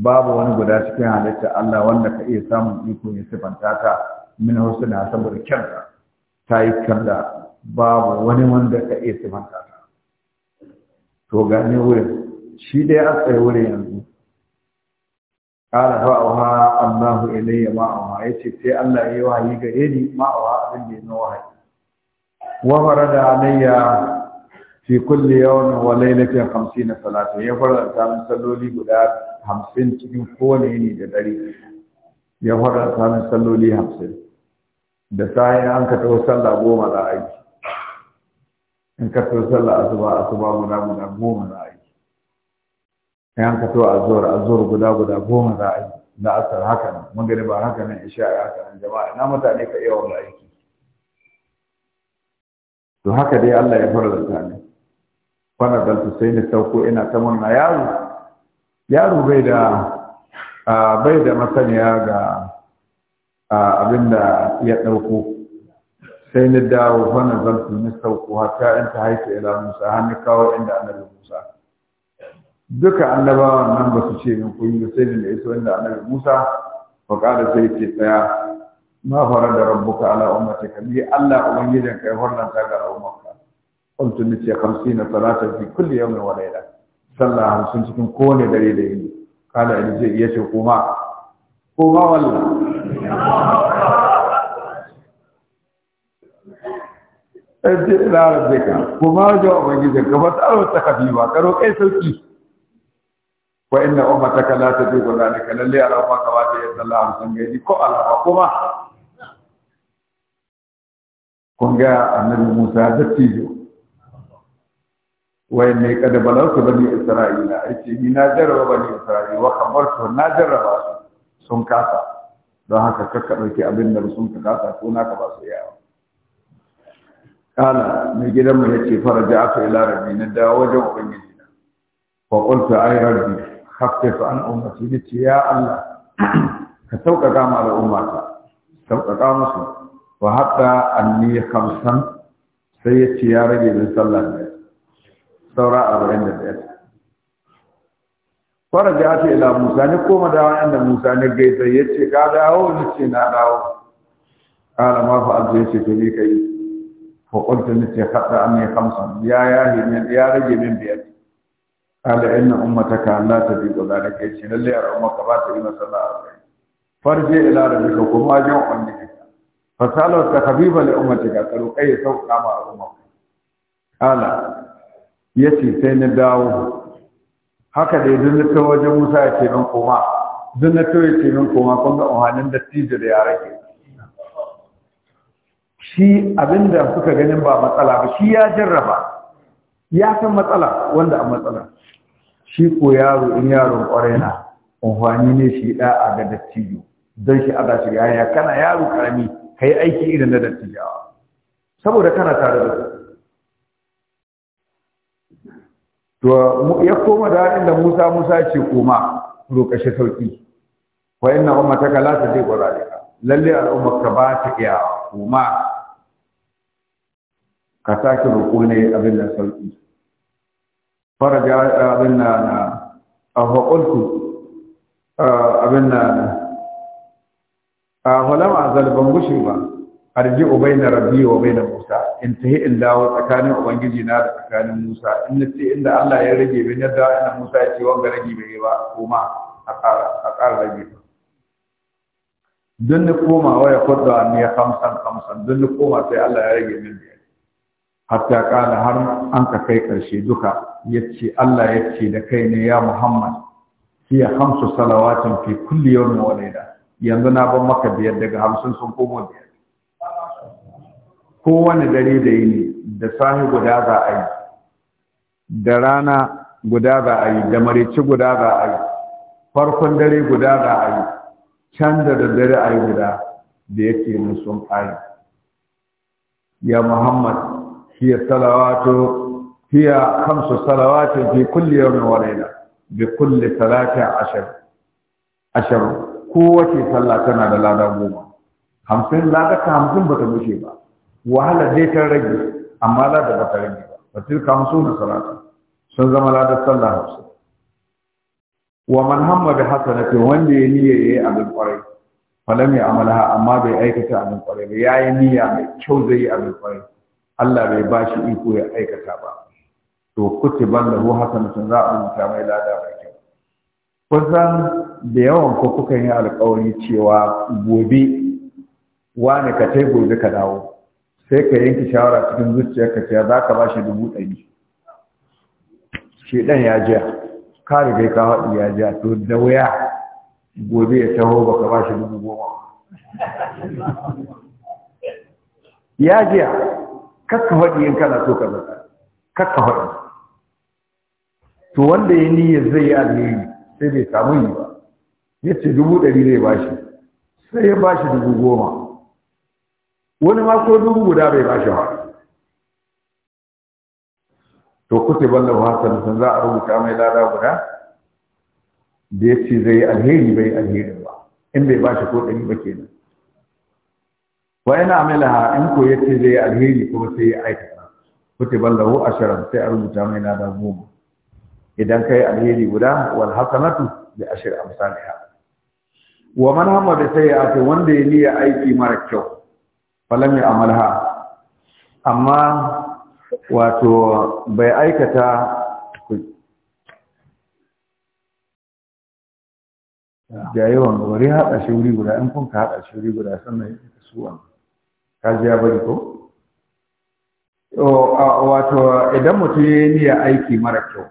babu wani guda cikin halitta Allah wanda ka iya samun iko ya sifanta ta min na saboda kyanta ta yi kyanta babu wani wanda ka iya sifanta ta to ga wurin shi dai a tsaye wurin yanzu kala fa auha Allahu ilayya ma auha yace sai Allah ya wahayi gare ni ma auha abin da ya wahayi wa farada alayya fi kulli yawm wa laylatin 50 salata ya faranta min salloli guda 50 cikin kowane yini da dare ya faranta min salloli 50 da sai an ka tawo sallah goma da aiki. in ka tawo sallah asuba asuba guda guda goma da yan ka to a azur guda guda goma za a yi da asar haka nan ba haka nan isha haka nan jama'a na mutane ka iya da aiki to haka dai Allah ya fara faranta ne fara dalta sai ni sauko ina ta murna yaro yaro bai da bai da masaniya ga abin da ya ɗauko sai ni dawo fana zalfi ni sauko hatta in ta haifi ila musa har ni kawo inda annabi musa duka annabawan nan ba su ce min kun yi sai da iso inda annabi Musa fa kada sai ce tsaya ma fara da rabbuka ala ka bi Allah ubangijin kai wannan ta ga ummaka qultu ni ce 50 salata fi kulli yawmin wa layla sallah 50 cikin kowane dare da yini kada in ce yace kuma kuma wallahi Ejira rabbika kuma ga ubangijin ka fa ta'awta ba, karo kai sauki wa inna ummataka la tadiku zalika lalle ala ummaka wa ta yalla hamsan gaji ko ala kuma kun ga annabi Musa dattijo wai ne kada balarsu bani Isra'ila yace ni na jarraba bani Isra'ila wa khabartu na jarraba sun kasa don haka kakka dauki abin da sun ka kasa ko na ka ba su yawa kala mai gidan mu yace faraja aka ila rabbi na dawo wajen ubangiji na fa qultu ay rabbi haffif an ummati ya Allah [CLEARS THROAT] ka sauƙaƙa ma al'ummata sauƙaƙa musu wa hatta anni khamsan sai yace ya rage min sallah ne saura 45 fara da ta ila Musa ne koma da wanda Musa ne gaisa yace ka dawo ni ce na dawo kala ma fa azu yace to ni kai fa qultu ni ce hatta an ne khamsan ya ya ne ya rage min biyar qala inna ummataka la tadiqu zalika yace lalle al'ummaka ba ta yi masa la'akari farje ila rabbika kuma jin ummaka fasalu ta habiba li ummatika ka roƙai ya sauka ma al'ummaka qala yace sai na dawo haka dai dun ta wajen Musa ya ce min koma dun ta ce min koma kun ga uhanin dattijo da ya ke shi abinda suka ganin ba matsala ba shi ya jarraba ya san matsala wanda a matsala shi ko yaro in yaron ƙwarai na amfani ne shi ɗa'a ga dattijo don shi ada shi yaya kana yaro karami ka yi aiki irin na dattijawa saboda kana tare da su to ya koma da da Musa Musa ce koma roƙashe sauki wa inna ummataka la tadiqu ka lalle al'ummar ka ba ta iya koma ka sake roƙo ne abin da sauki faraja abin na na ahwakulku abin na na ahwalam azal ban ba arji ubai na rabbi wa bai na musa in ta in dawo tsakanin ubangiji na da tsakanin musa in na ce inda allah ya rage bin yadda dawo ina musa ya ce wanga rage bai ba kuma a ƙara rage ba don ni koma waya kwadda an ya kamsan kamsan don ni koma sai allah ya rage min biyar hatta kana har an ka kai ƙarshe duka yace Allah yace da kai ne ya Muhammad hiya hamsu salawatin fi kulli yawmin wa layla yanzu na ban maka biyar daga hamsin sun komo biyar kowane dare da yini da sahi guda za a yi da rana guda za a yi da marici guda za a yi farkon dare guda za a yi can da dare a yi guda da yake mun sun ƙari ya muhammad hiya salawatin hiya khamsu salawatin fi kulli yawmin wa bi kulli salatin ashar ashar kowace sallah tana da lada goma hamsin lada ka hamsin bata bushe ba wahala dai ta rage amma lada bata rage ba fa tilka hamsuna salatu sun zama lada sallah hamsin wa man hamma bi hasanati wanda ya niyya yayi abin kwarai falam ya amalaha amma bai aikata abin kwarai ba yayi niyya mai kyau zai yi abin kwarai Allah bai bashi iko ya aikata ba to ban ruwa hasan sun za a mutu mai lada mai kyau kusan da yawan ko kuka yi alkawari cewa gobe wani ka tai gobe ka dawo sai ka yanke shawara cikin ka ce za ka ba shi dubu ɗari shedan ya jiya ka riga ka haɗu ya jiya to da wuya gobe ya taho ba ka ba shi dubu goma ya jiya kakka haɗu yin kana so ka zata kakka haɗu to wanda ya niyya zai yi alheri sai bai samu yi ba ya ce dubu ɗari zai bashi sai ya bashi dubu goma wani ma ko dubu guda bai bashi ba to kusa ban da hasan sun za a rubuta mai lada guda da ya ce zai yi alheri bai alheri ba in bai bashi ko ɗari ba kenan wa yana amalaha in ko ya ce zai yi alheri kuma sai ya aikata kusa ban da ashirin sai a rubuta mai lada goma idan kai alheri guda wal hasanatu bi ashir amsalha wa man hamma bi sayyi'ati wanda ya niyya aiki mara kyau falam ya amalha amma wato bai aikata da yawan bari haɗa shi wuri guda in kun ka haɗa shi wuri guda sannan ya su ka ji ya bari ko wato idan mutum ya yi niyya aiki mara kyau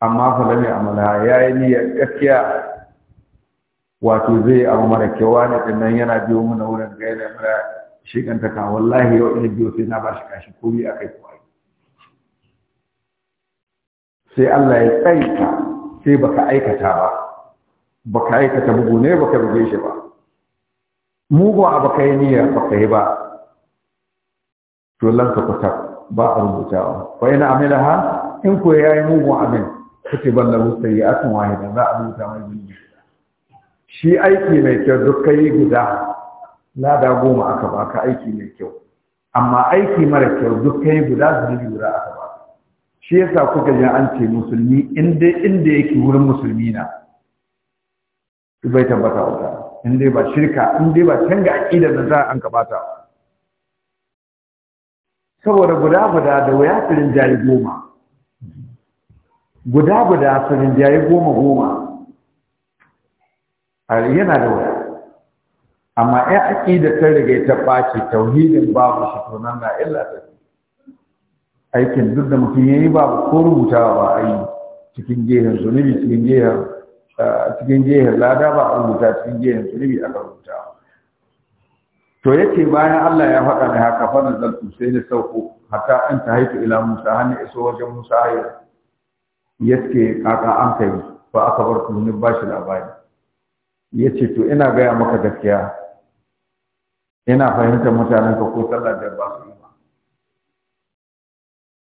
amma falami amala ya yi niyyar gaskiya wato zai abu mara kyawa ne din nan yana biyo mana wurin ga yana mara shi kan ta wallahi yau ina biyo sai na ba shi kashi komi a kai kuwa sai Allah ya tsaita sai baka aikata ba baka aikata bugu ne baka buge shi ba Mu ba a baka yi niyyar baka yi ba to lanka kusa ba a rubutawa fa ina ha in ko yayi mugun abin kace ban da yi akan wahida za a rubuta mai zunubi shi aiki mai kyau duk kai guda lada goma aka baka aiki mai kyau amma aiki mara kyau duk kai guda zunubi guda aka baka shi yasa kuka ji an ce musulmi inda inda yake wurin musulmi na bai tabbata wata in dai ba shirka in dai ba canza aqidar da za an kabata saboda guda guda da waya tirin jari goma guda guda su rinjaye goma goma yana da wuya amma ya da ta riga ta ɓace tauhidin babu shi to nan na illa ta aikin duk da mutum ya yi babu ko rubutawa ba a yi cikin gehen zunubi cikin gehen cikin gehen lada ba a rubuta cikin gehen zunubi aka rubuta to yake bayan Allah ya faɗa mai haka fa nazaltu sai ni sauko hatta an ta haifi ila Musa hannu iso wajen Musa ya Ya ce kaka an kai ba aka bar su ba shi labari yace to ina gaya maka gaskiya ina fahimtar mutanen ka ko sallar da ba su yi ba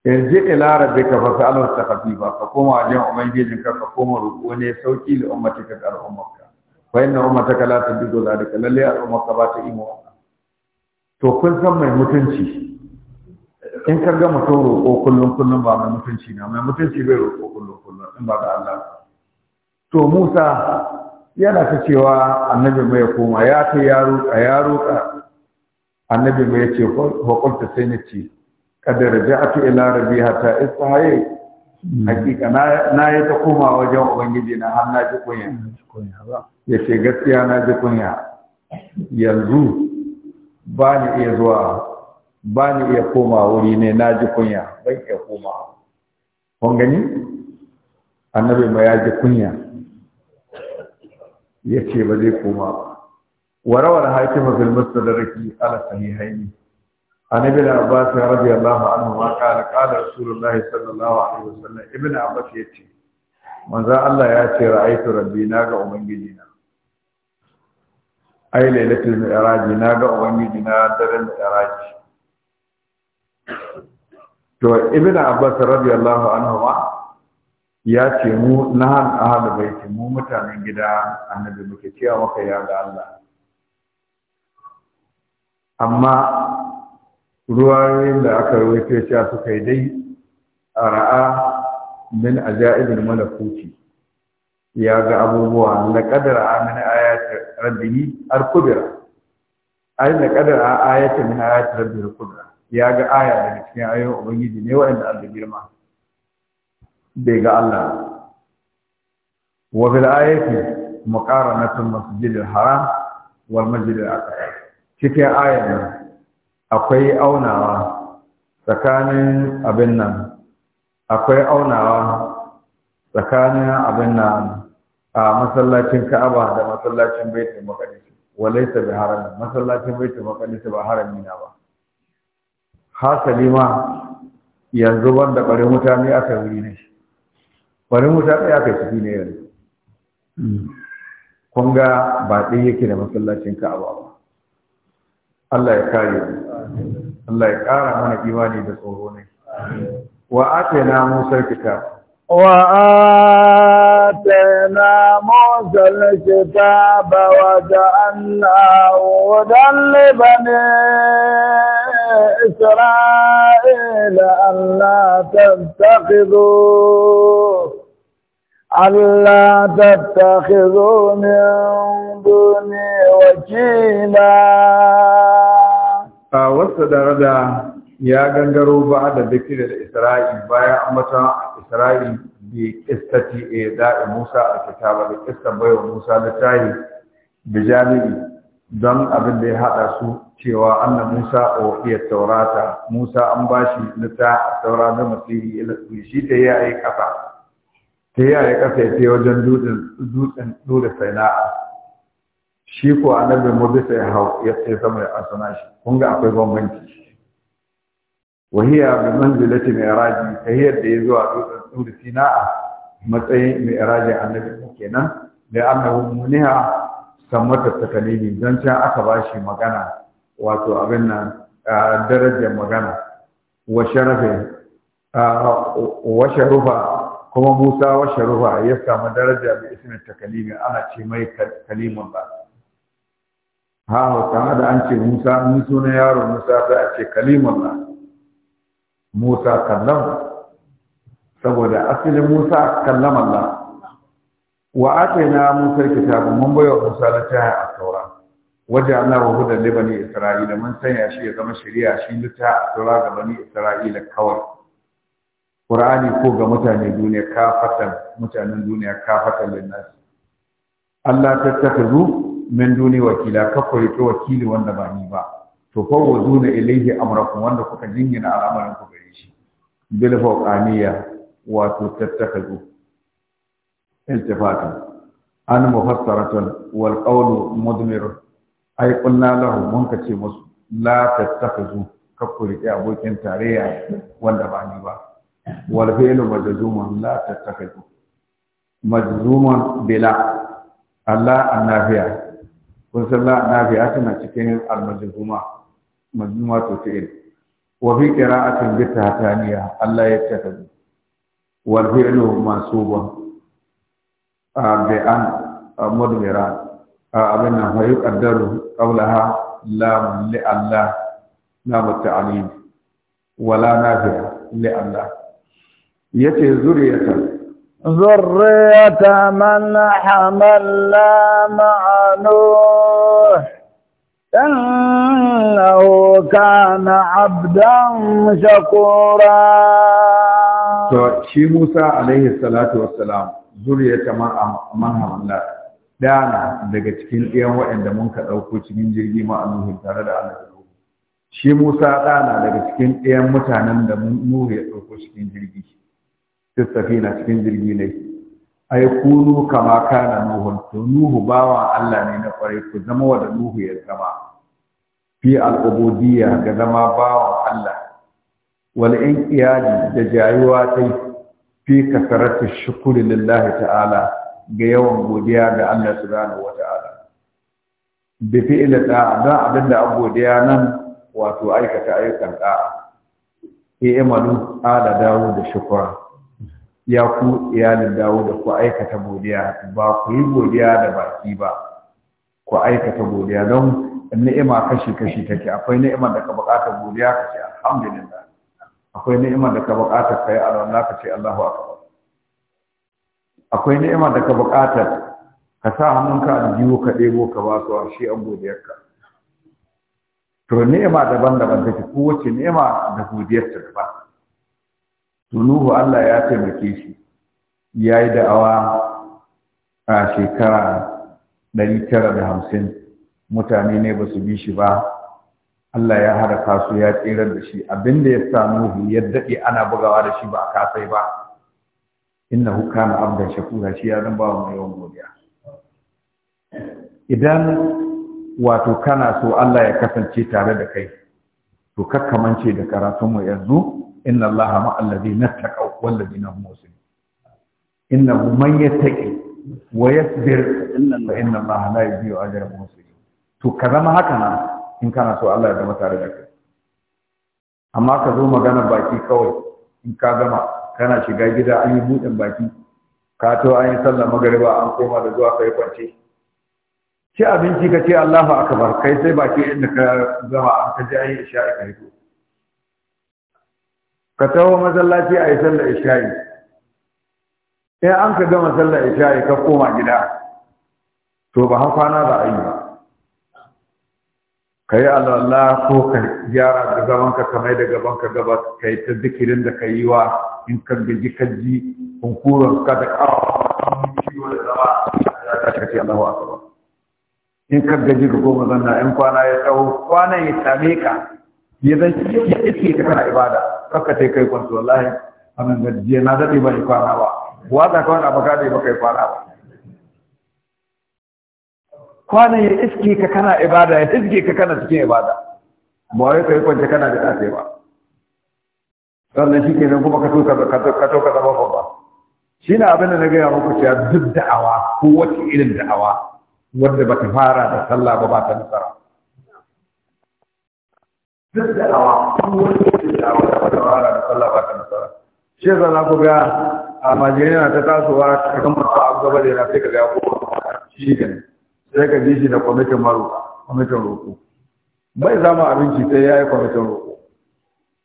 irji ila rabbika fa sa'alu ba ka koma wajen ubangijin ka ka koma roƙo ne sauki li ka ga al'ummarka fa inna ummataka la tadidu zalika lalle al'ummarka ba ta yi to kun san mai mutunci in ka ga mutum roƙo kullum kullum ba mai mutunci na mai mutunci bai roƙo kullum kullum in ba da Allah to Musa yana ta cewa annabi mai koma ya ta ya roƙa ya roƙa annabi mai ce hukunta sai na ce kada raja'atu ila hata hatta istahaye hakika na yi ta koma wajen ubangiji na har na ji kunya ya ce gaskiya na ji kunya yanzu ba ni iya zuwa ba ni iya koma wuri ne na ji kunya ban iya koma kun gani annabi ma ya ji kunya ya ce ba zai koma ba warawar musta da mustadraki ala sahihaini annabi da abbas allahu anhu ma qala qala rasulullah sallallahu alaihi wasallam ibn abbas ce manzo Allah ya ce ra'aytu rabbi na ga ubangiji na ai lailatul mi'raj na ga ubangiji na daren mi'raj to ibn abbas radiyallahu anhu ya ce mu na bai baiti mu mutanen gida annabi muke cewa maka ya ga Allah amma ruwayoyin da aka rawaito cewa suka yi dai a ra'a min ajaibin malakuti ya ga abubuwa na kadara amin ayati rabbihi al-kubra ay na kadara ayati min ayati rabbi al-kubra ya ga aya daga cikin ayoyin ubangiji ne waɗanda an da girma bai ga Allah wa fil ayati muqaranatu masjidil haram wal masjidil aqsa cikin ayar nan akwai aunawa tsakanin abin nan akwai aunawa tsakanin abin nan a masallacin Ka'aba da masallacin Baitul Maqdis walaysa bi haram masallacin Baitul Maqdis ba harami na ba hasali ma yanzu da ɓarin mutane aka wuri ne ɓarin mutane aka ciki ne yanzu kun ga ba ɗaya yake da masallacin ka'aba ba Allah ya kare mu Allah ya ƙara mana imani da tsoro ne wa atayna Musa kitab wa atayna Musa kitab wa ja'alna hudan li إسرائيل ألا تتخذوا ألا تتخذوا من دوني وكيلا واستدار da ya gangaro ba da bikira da Isra'i bayan ambata Isra'i bi qistati e eh, da Musa a kitaba da qistan Musa da da jami'i don abin da ya haɗa su cewa Annan Musa a iya taurata Musa an bashi lita a taura na masiri shi ta yi a ƙasa ta yi a ƙasa ya ce wajen dutsen dole sana'a shi ko annabi mu bisa ya hau ya ce sama ya asana shi kun ga akwai bambanci wahiya bi manzilati mi'raji tahiyar da ya a dutsen tsuri sina'a matsayin mi'rajin annabi kenan da annabi muniha sammata takalili don can aka bashi magana wato abin nan darajar magana wa sharafin wa sharufa kuma Musa wa sharufa ya samu daraja bi ismin takalimi ana ce mai kalimun ba ha hausa da an ce Musa ni sunan yaro Musa za a ce kalimun ba Musa kallam saboda asalin Musa kallam Allah wa ake na Musa kitabu mun bayar Musa littafin a taura wajen Allah wa da libani Isra'ila mun sanya shi ya zama shari'a shi lita tura ga bani Isra'ila kawai Qur'ani ko ga mutane duniya kafatan mutanen duniya kafatan linnas Allah tattakhudhu min duni wakila ka kore wakili wanda ba ni ba to fawzuna ilayhi amrakum wanda kuka jingina al'amarin ku gare shi bil fawqaniyya wato tattakhudhu iltifatan an mufassaratan wal qawlu mudmir ai kunna lahu mun ka ce musu la tattakhuzu kakku rike abokin tarayya wanda ba ni ba wal fi'lu majzuman la tattakhuzu majzuman bila Allah annafiya kun san la annafiya tana cikin al-majzuma majzuma to fi'il wa fi qira'atin bi tahtaniya Allah ya tattakhuzu wal fi'lu mansubun ah, bi an ah, mudmiran abin nan wa yuqaddaru qawlaha lam li Allah na muta'allim wala nafi'a li Allah yace zuriyatan ذرية من hamalla ma'anu إنه كان عبدا شكورا to shi Musa alaihi salatu wassalam zuriyata man hamalna ɗana daga cikin ɗayan waɗanda mun ka ɗauko cikin jirgi ma nuhu tare da annabi shi musa ɗana daga cikin ɗayan mutanen da nuhu ya ɗauko cikin jirgi sassafi na cikin jirgi ne ai kunu kama kana nuhun to nuhu bawa Allah ne na kwarai ku zama wa da nuhu ya zama fi al'ubudiyya ga zama bawan Allah wal iyali da jayuwa tai fi kasaratu shukuri lillahi ta'ala ga yawan godiya ga Allah subhanahu wata'ala bi fi'il ta'a da abin da an godiya nan wato aikata ayyukan da'a ya malu ala dawo da shukura ya ku iyalin dawo da ku aikata godiya ba ku yi godiya da baki ba ku aikata godiya don ni'ima kashi-kashi take akwai ni'ima da ka bukatar godiya ka ce alhamdulillah akwai ni'ima da ka bukatar kai alwala ka ce Allahu akbar akwai ni'ima da ka bukata ka sa hannunka a jiwo ka ɗebo ka ba su a shi an godiyarka to ni'ima daban-daban take kowace ni'ima da godiyarta daban nuhu Allah ya taimake shi ya yi da'awa a shekara ɗari tara da hamsin mutane ne ba su bi shi ba Allah ya haɗa kasu ya tserar da shi abinda ya sa Nuhu ya daɗe ana bugawa da shi ba a kasai ba innahu kana abda shakura shi ya zan ba mu yawan godiya idan wato kana so Allah ya kasance tare da kai to kakkamance da karatun mu yanzu inna Allaha ma allazi taqaw wal ladina hum muslimun innahu man yattaqi wa yasbir inna inna Allaha la yudhi'u ajra al to ka zama haka nan in kana so Allah ya zama tare da kai amma ka zo magana baki kawai in ka gama kana shiga gida an yi buɗin baki ka to an yi sallar magariba an koma da zuwa kai kwance ci abinci ka ce Allahu akbar kai sai baki inda ka zama an ka ji an yi isha'i ka hito ka taho masallaci a yi sallar isha'i sai an ka gama sallar isha'i ka koma gida to ba har kwana ba a yi ba ka yi alwallah ko ka gyara da gabanka kamar da gabanka gaba ka yi ta zikirin da ka yi wa in ka kan ji hunkuran ka da ciwo da zama ya tashi kace Allahu akbar in ka gaji ka goma zanna in kwana ya tsawo kwanan ya same ka ya zan ya iske ka kana ibada kakka ta kai kwanto wallahi A anan gajiya na dade ba ni kwana ba wata kawai na baka dai baka yi kwana ba kwanan ya iske ka kana ibada ya iske ka kana cikin ibada ba wai kai kwance kana da kace ba sannan shi kenan kuma ka to ka zama babba shi na abin da na gaya muku cewa duk da'awa ko wacce irin da'awa wanda ba ta fara da sallah ba ba ta nasara duk da'awa ko wacce irin da'awa da ba ta fara da sallah ba ta nasara shi yasa na ku ga a yana ta tasowa ta kan masu gaba da yana sai ka ga ko shi ne sai ka ji shi da kwamitin maro kwamitin roƙo bai zama abinci sai ya yi kwamitin roƙo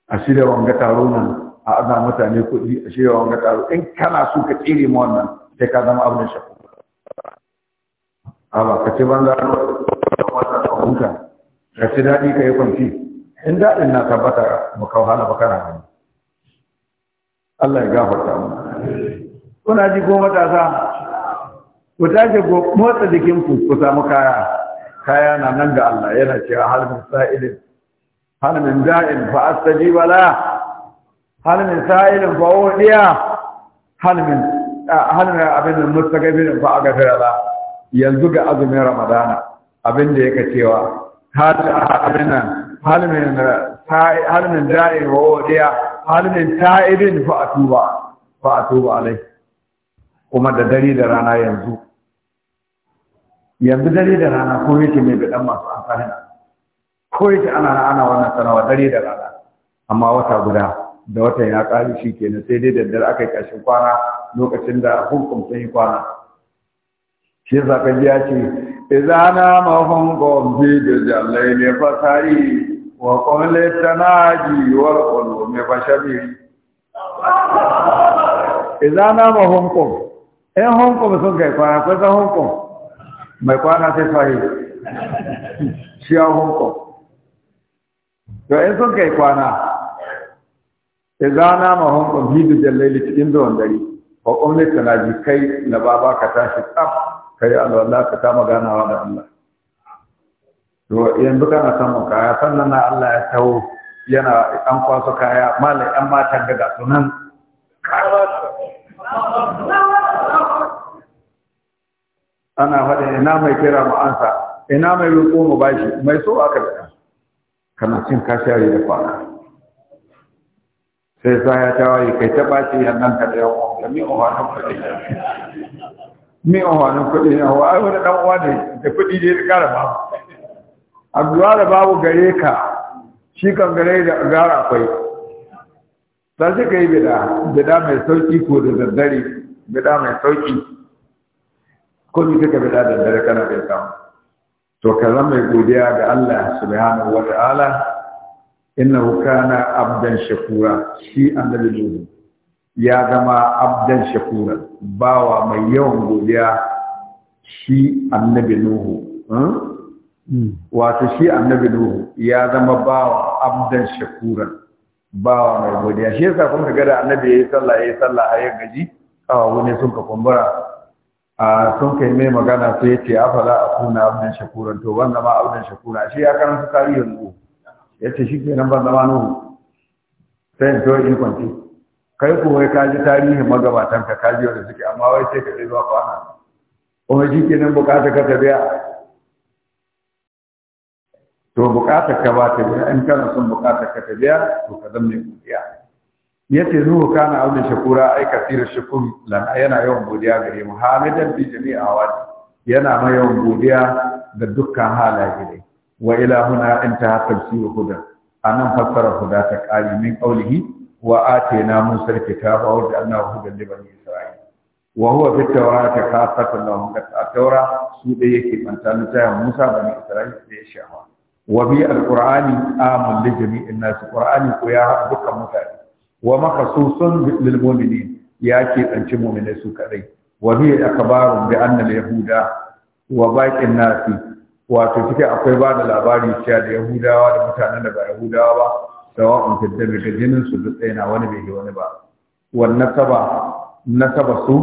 a shirya wanga taro nan a aza mutane kuɗi a shirya wanga taro in kana so ka tsere ma wannan sai ka zama abin shafu Allah ka ce banza wannan wata huta ka ci daɗi ka yi kwanci in daɗin na tabbata ba ka wahala ba kana hannu Allah ya gafarta mu kuna ji ko matasa ku tashi motsa jikinku ku samu kaya kaya na nan ga Allah yana cewa halin sa'ilin هل من داء fa له هل من سائل sa'ilin هل من هل من hal min abin له fa aghfira رمضان yanzu ga azumin ramadana abin da من هل من داء هل من سائل da'in عليه kuma da dare da rana yanzu yanzu dare da rana ko yake mai bidan masu amfani ko yake ana ana wannan sanawa dare da rana amma wata guda da watan ya ƙari shi kenan sai dai daddare aka yi ƙashin kwana lokacin da hukum sun yi kwana shi zaɓen ya ce ma mahon bi da jallai ne fasari wa ƙwanle tanaji wa ƙwallo mai fashabiri izana na ma ɗan hong kong sun kai kwana kusan hong kong mai kwana sai sahi shi ya hong to in sun kai kwana idza nama hum qabidu da layli cikin zuwan dare wa ummi ji kai na baba ka tashi tsaf kai Allah ka ta maganawa da Allah to yanzu kana samun kaya sannan na Allah ya tawo yana an kwaso kaya mallan an matan daga sunan ana faɗin ina mai kira mu ansa ina mai roƙo mu bashi mai so aka da kana cin kashari da kwaka sai sa ya tawaye kai ta ya nan ka da yawon ka mi ohanin kuɗi mi nan kuɗi na hawa ai wani dan uwa ne da kuɗi ne ya ba a duwa da babu gare ka shi kan gare da gara akwai ta shi ka yi bida bida mai sauƙi ko da daddare bida mai sauƙi ko ni kake bida da daddare kana bai samu to ka zama mai godiya ga Allah subhanahu wa ta'ala innahu kana abdan shakura shi annabi nuhu ya zama abdan shakura bawa mai yawan godiya shi annabi nuhu hmm? Hmm. wato shi annabi nuhu ya zama bawa abdan shakura bawa mai godiya shi yasa kuma ga da annabi yayi sallah yayi sallah a gaji kawawu ne sun ka kumbura a sun kai mai magana sai ya ce afala a kuna abin shakuran to ban zama abin shakura shi ya karanta tarihin ku ya ce shi kenan ban zama nuhu sai in to in kwanci kai ku wai kaji tarihin magabatan ka kaji wanda suke amma wai sai ka dai zuwa kwana kuma shi kenan bukata ka ta biya to bukata ka ba ta biya in kana son bukata ka ta biya to ka zama mai kuriya yace nuhu kana abin shakura ai kafir shukur lana yana yawan godiya gare mu hamidan bi jami'a wadi yana ma yawan godiya da dukkan halaye dai wa ila huna intaha tafsir huda anan fassara huda ta kali min qawlihi wa atayna musa alkitaba wa ja'alnahu hudan li bani isra'il wa huwa fi tawrati khassatan lahum da tawra su da yake banta na musa bani isra'il da ya shafa wa bi alqur'ani amul li jami'in nas qur'ani ko ya dukkan mutane wa makasusun lil mu'minin ya ke tsanci mu'minai su kadai wa bi akbarun bi anna al yahuda wa baqin nasi wato cikin akwai ba da labari cewa da yahudawa da mutanen da ba yahudawa ba sawa'un tadda da jinin su duk tsaye na wani bai wani ba wannan saba nasaba su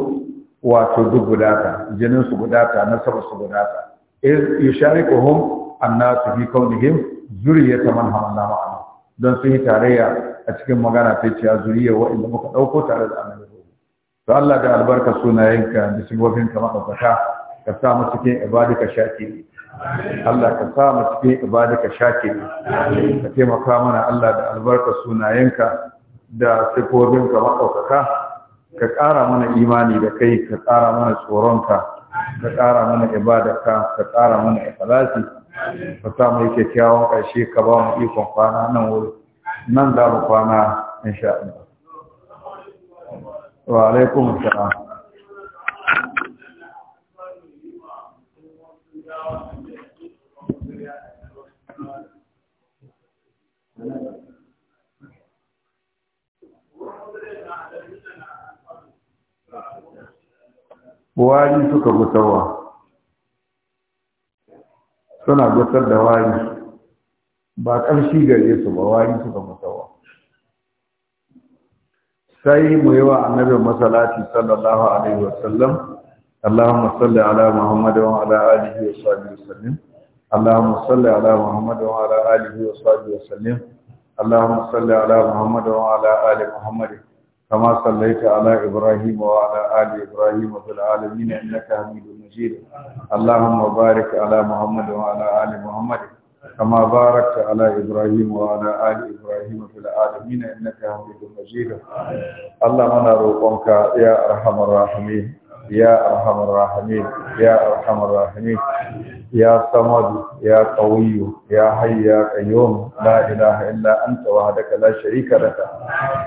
wato duk gudata jinin su gudata nasaba su gudata iz yusharikuhum annasu fi kaunihim zuriyatan man hamalna ma'ana don sun yi tarayya a cikin magana ta ce zuriya inda muka ɗauko tare da annabi to Allah da albarka sunayenka da sigofinka maɗaukaka ka sa mu cikin ibadika shakiri Allah ka sa mu cikin ibadika shakiri ka taimaka mana Allah da albarka sunayenka da sigofinka maɗaukaka ka ƙara mana imani da kai ka ƙara mana tsoronka ka ƙara mana ibada ka ƙara mana ikhlasi ka sa mu kyakkyawan ƙarshe ka ba mu ikon kwana nan wuri nan za mu kwana insha Allah wa alaikum assalam wari suka gusarwa suna gusar da wari ba ƙarshi gare su ba wani wari suka musawa sai mu yi wa annabi masalati sallallahu alaihi wasallam Allahumma salli ala Muhammad wa ala alihi wa sahbihi wasallim Allahumma salli ala Muhammad wa ala alihi wa sahbihi wasallim Allahumma salli ala Muhammad wa ala ali Muhammad كما صليت على إبراهيم وعلى آل إبراهيم في العالمين إنك حميد مجيد اللهم بارك على محمد وعلى آل محمد كما باركت على إبراهيم وعلى آل إبراهيم في العالمين إنك حميد مجيد اللهم نروقك يا أرحم الراحمين يا أرحم الراحمين يا أرحم الراحمين يا صمد يا قوي يا حي يا قيوم لا إله إلا أنت وحدك لا شريك لك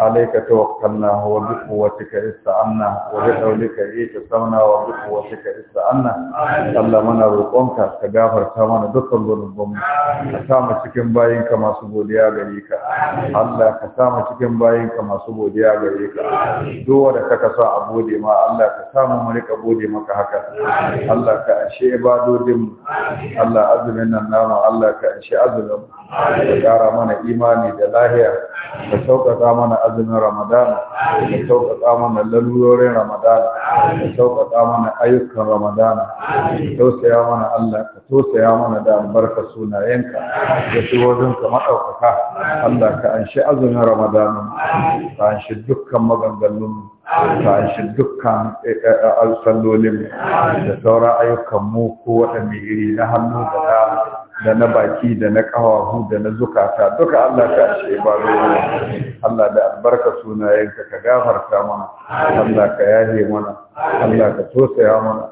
عليك توكلنا وبقوتك استعنا وبحولك اعتصمنا وبقوتك استعنا اللهم mana dukkan تمنا Ka sa كما cikin ka masu godiya gare ka Allah ka samu cikin ka masu godiya gare ka duk wanda kaka sa a gode ma Allah ka samu mu rika gode maka haka Allah ka ashe ibadodin mu Allah azumin nan nama Allah ka anshi azumin ka kara mana imani da lahiya ka sauƙaƙa mana azumin ramadana ka sauƙaƙa mana lalurorin ramadana ka sauƙaƙa mana ayyukan ramadana ka tausaya mana Allah ka tausaya mana da albarka sunayenka da ka maɗaukaka Allah ka anshi azumin ramadana ka anshi dukkan maganganun ka shi dukkan eh, eh, eh, alsallolin da sauran ayyukan mu ko waɗanda iri na hannu da na baki da na ƙawahu da na zukata duka Allah ka shi ba Allah da albarka sunayenka ka gafarta mana Allah ka yahe mana Allah ka tosaya mana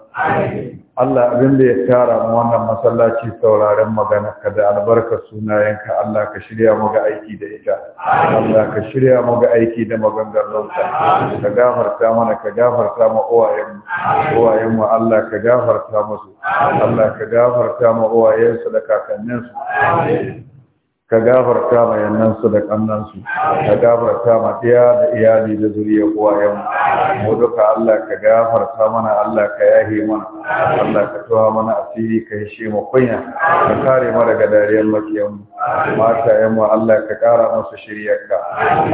Allah abin da ya tara mu wannan masallaci sauraren magana ka da albarka sunayenka Allah ka shirya mu ga aiki da ita Allah ka shirya mu ga aiki da maganganun ka gafarta mana ka gafarta mu uwayen mu uwayen mu Allah ka gafarta musu Allah ka gafarta mu uwayen su da kakannin su ka gafarta ma yannansu da kannansu ka gafarta ma ɗaya da iyali da zuriya uwayen mu duka Allah ka gafarta mana Allah ka yahe mana Allah ka tuwa mana asiri ka hishe mu kunya ka kare mu daga dariyar makiyan mu mata yan mu Allah ka kara musu shiryarka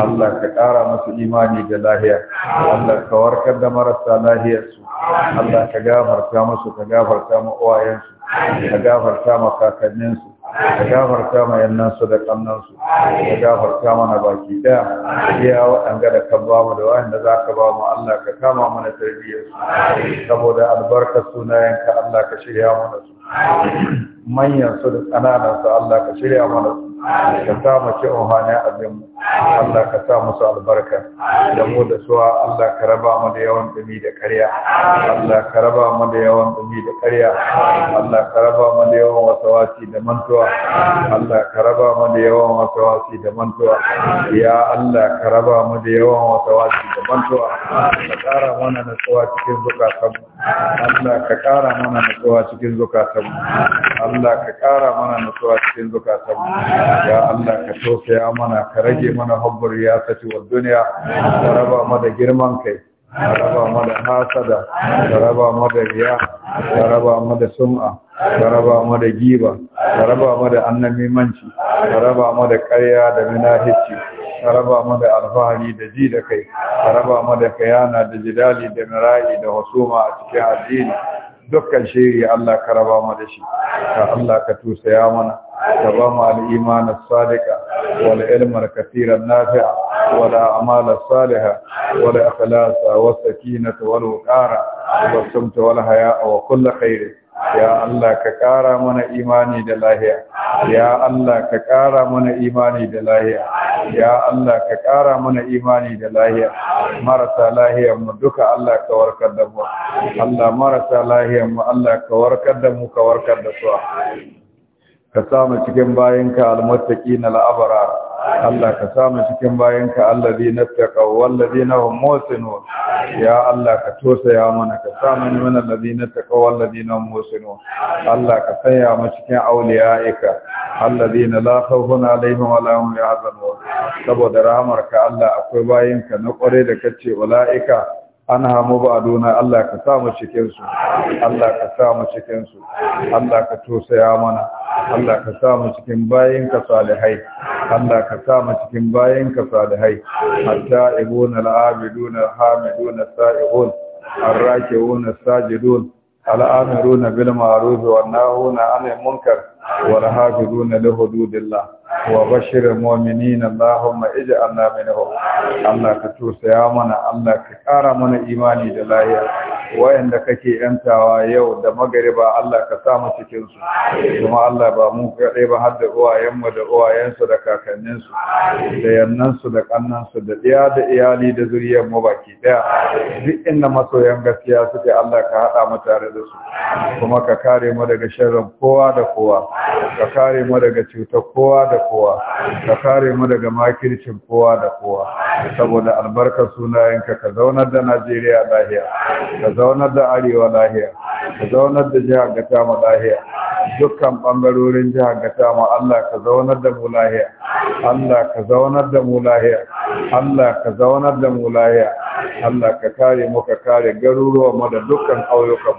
Allah ka kara musu imani da lahiya Allah ka warkar da marasa lahiyarsu Allah ka gafarta musu ka gafarta ma uwayensu ka gafarta ma kakanninsu ka gafarta ma yannan su da kannan su ka gafarta mana baki daya ya waɗanga da ka bamu mu da wanda za ka ba Allah ka kama mana tarbiyyarsu. Saboda saboda albarkar sunayenka Allah ka shirya mana su [CLEARS THROAT] manyan su da ƙananan su Allah ka shirya mana su ka sa mu ci ohana abin Allah ka sa musu albarka da mu da suwa Allah ka raba mu da yawan dumi da ƙarya Allah ka raba mu da yawan dumi da ƙarya Allah ka raba mu da yawan wasawasi da mantuwa Allah ka raba mu da yawan wasawasi da mantuwa ya Allah ka raba mu da yawan wasawasi da mantuwa ka ƙara mana nutsuwa cikin zukatan Allah ka ƙara mana nutsuwa cikin zukatan zukatanmu Allah ka ƙara mana nutsuwa cikin zukatanmu ya Allah ka tausaya mana ka rage mana ya sace wa duniya ka raba da girman kai ka raba mu da hasada ka raba mu da riya ka raba da sum'a ka raba da giba ka raba da annamimanci ka raba mu da ƙarya da munafici ka raba da alfahari da ji da kai ka raba mu da kayana da jidali da mirayi da husuma a cikin addini dukkan shiri Allah ka raba mu da shi ka Allah ka tusaya mana ka ba mu al-iman as-sadiqa wal ilm al-kathira an-nafi'a wal a'mal as-salihah wal ikhlas was sakinah wal waqara was samt wal haya'a wa kull ya Allah ka ƙara mana imani da lahiya ya Allah ka ƙara mana imani da lahiya ya Allah ka ƙara mana imani da lahiya marasa lahiyar mu duka Allah ka warkar da mu Allah marasa lahiyar mu Allah ka warkar da mu ka warkar da su ka samu cikin bayanka na al'abrar Allah ka samu cikin bayanka alladhina taqaw walladhina hum muhsinun ya Allah ka tosaya mana ka samu min alladhina taqaw walladhina hum muhsinun Allah ka sanya mu cikin awliyaika alladhina la khawfun alaihim wa la hum yahzanun saboda rahmarka Allah akwai bayanka na kware da kace walaika an hamu ba a aduna Allah ka sa mu cikin Allah ka sa mu cikin Allah ka tosaya mana Allah ka sa mu cikin bayin ka salihai Allah ka sa mu cikin bayin ka salihai hatta ibuna al-abiduna hamiduna sa'ihun الراكعون الساجدون الآمرون بالمعروف والناهون عن المنكر والحافظون لحدود الله وبشر المؤمنين اللهم اجعلنا منهم الله كتوسع منا الله كقارا mana ايماني da lahiya wayanda kake yantawa yau da magariba Allah ka sa mu cikin su kuma Allah ba mu kadai ba har da uwayen mu da uwayen su da kakannin su da yannan su da kannan su da iya da iyali da zuriyar mu baki daya duk inda masoyan gaskiya suke Allah ka hada mu tare da su kuma ka kare mu daga sharrin kowa da kowa ka kare mu daga cutar kowa da kowa ka kare mu daga makircin kowa da kowa saboda albarka sunayenka ka zaunar da Najeriya lahiya ka zaunar da Arewa lahiya ka zaunar da jihar Gatama lahiya dukkan bangarorin jihar Gatama Allah ka zaunar da mu lahiya Allah ka zaunar da mu lahiya Allah ka zaunar da mu lahiya Allah ka kare mu ka kare garuruwa mu da dukkan ƙauyukan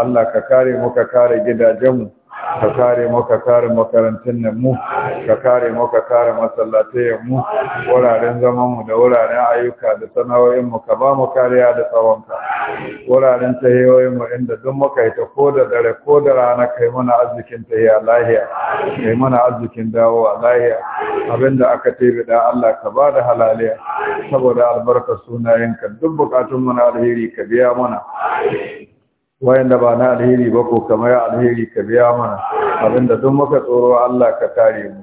Allah ka kare mu ka kare gidajenmu ka kare mu ka kare makarantun nan mu ka kare mu ka kare masallatayen mu wuraren zaman mu da wuraren ayyuka da sana'o'in mu ka ba mu kariya da tsawonka wuraren tahiyoyin mu inda duk muka yi ta ko da dare ko da rana kai mana arzikin tahiya lahiya kai mana arzikin dawo a lahiya abinda aka tebe da Allah ka ba da halaliya saboda albarkar ka duk bukatun mu na alheri ka biya mana wayanda ba na alheri ba ko kamar alheri ka biya mana abinda duk muka tsoro Allah ka kare mu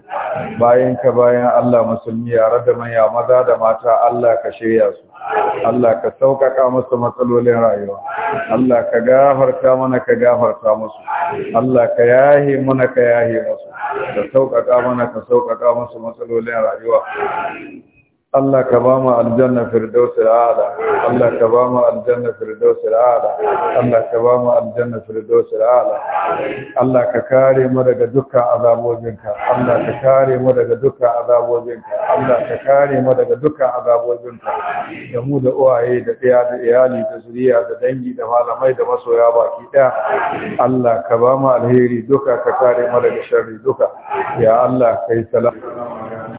bayan ka bayan Allah musulmi ya da manya maza da mata Allah ka shirya su Allah ka sauƙaƙa musu matsalolin rayuwa Allah ka gafarta mana ka gafarta musu Allah ka yahi mana ka yahi musu ka sauƙaƙa mana ka sauƙaƙa musu matsalolin rayuwa Allah ka ba mu aljanna firdausul a'la Allah ka ba mu aljanna firdausul a'la Allah ka ba mu aljanna firdausul a'la Allah ka kare mu daga dukkan azabobinka Allah ka kare mu daga dukkan azabobinka Allah ka kare mu daga dukkan azabobinka da mu da uwaye da tsaya da iyali da zuriya da dangi da malamai da masoya baki daya Allah ka ba mu alheri duka ka kare mu daga sharri duka ya Allah kai salama.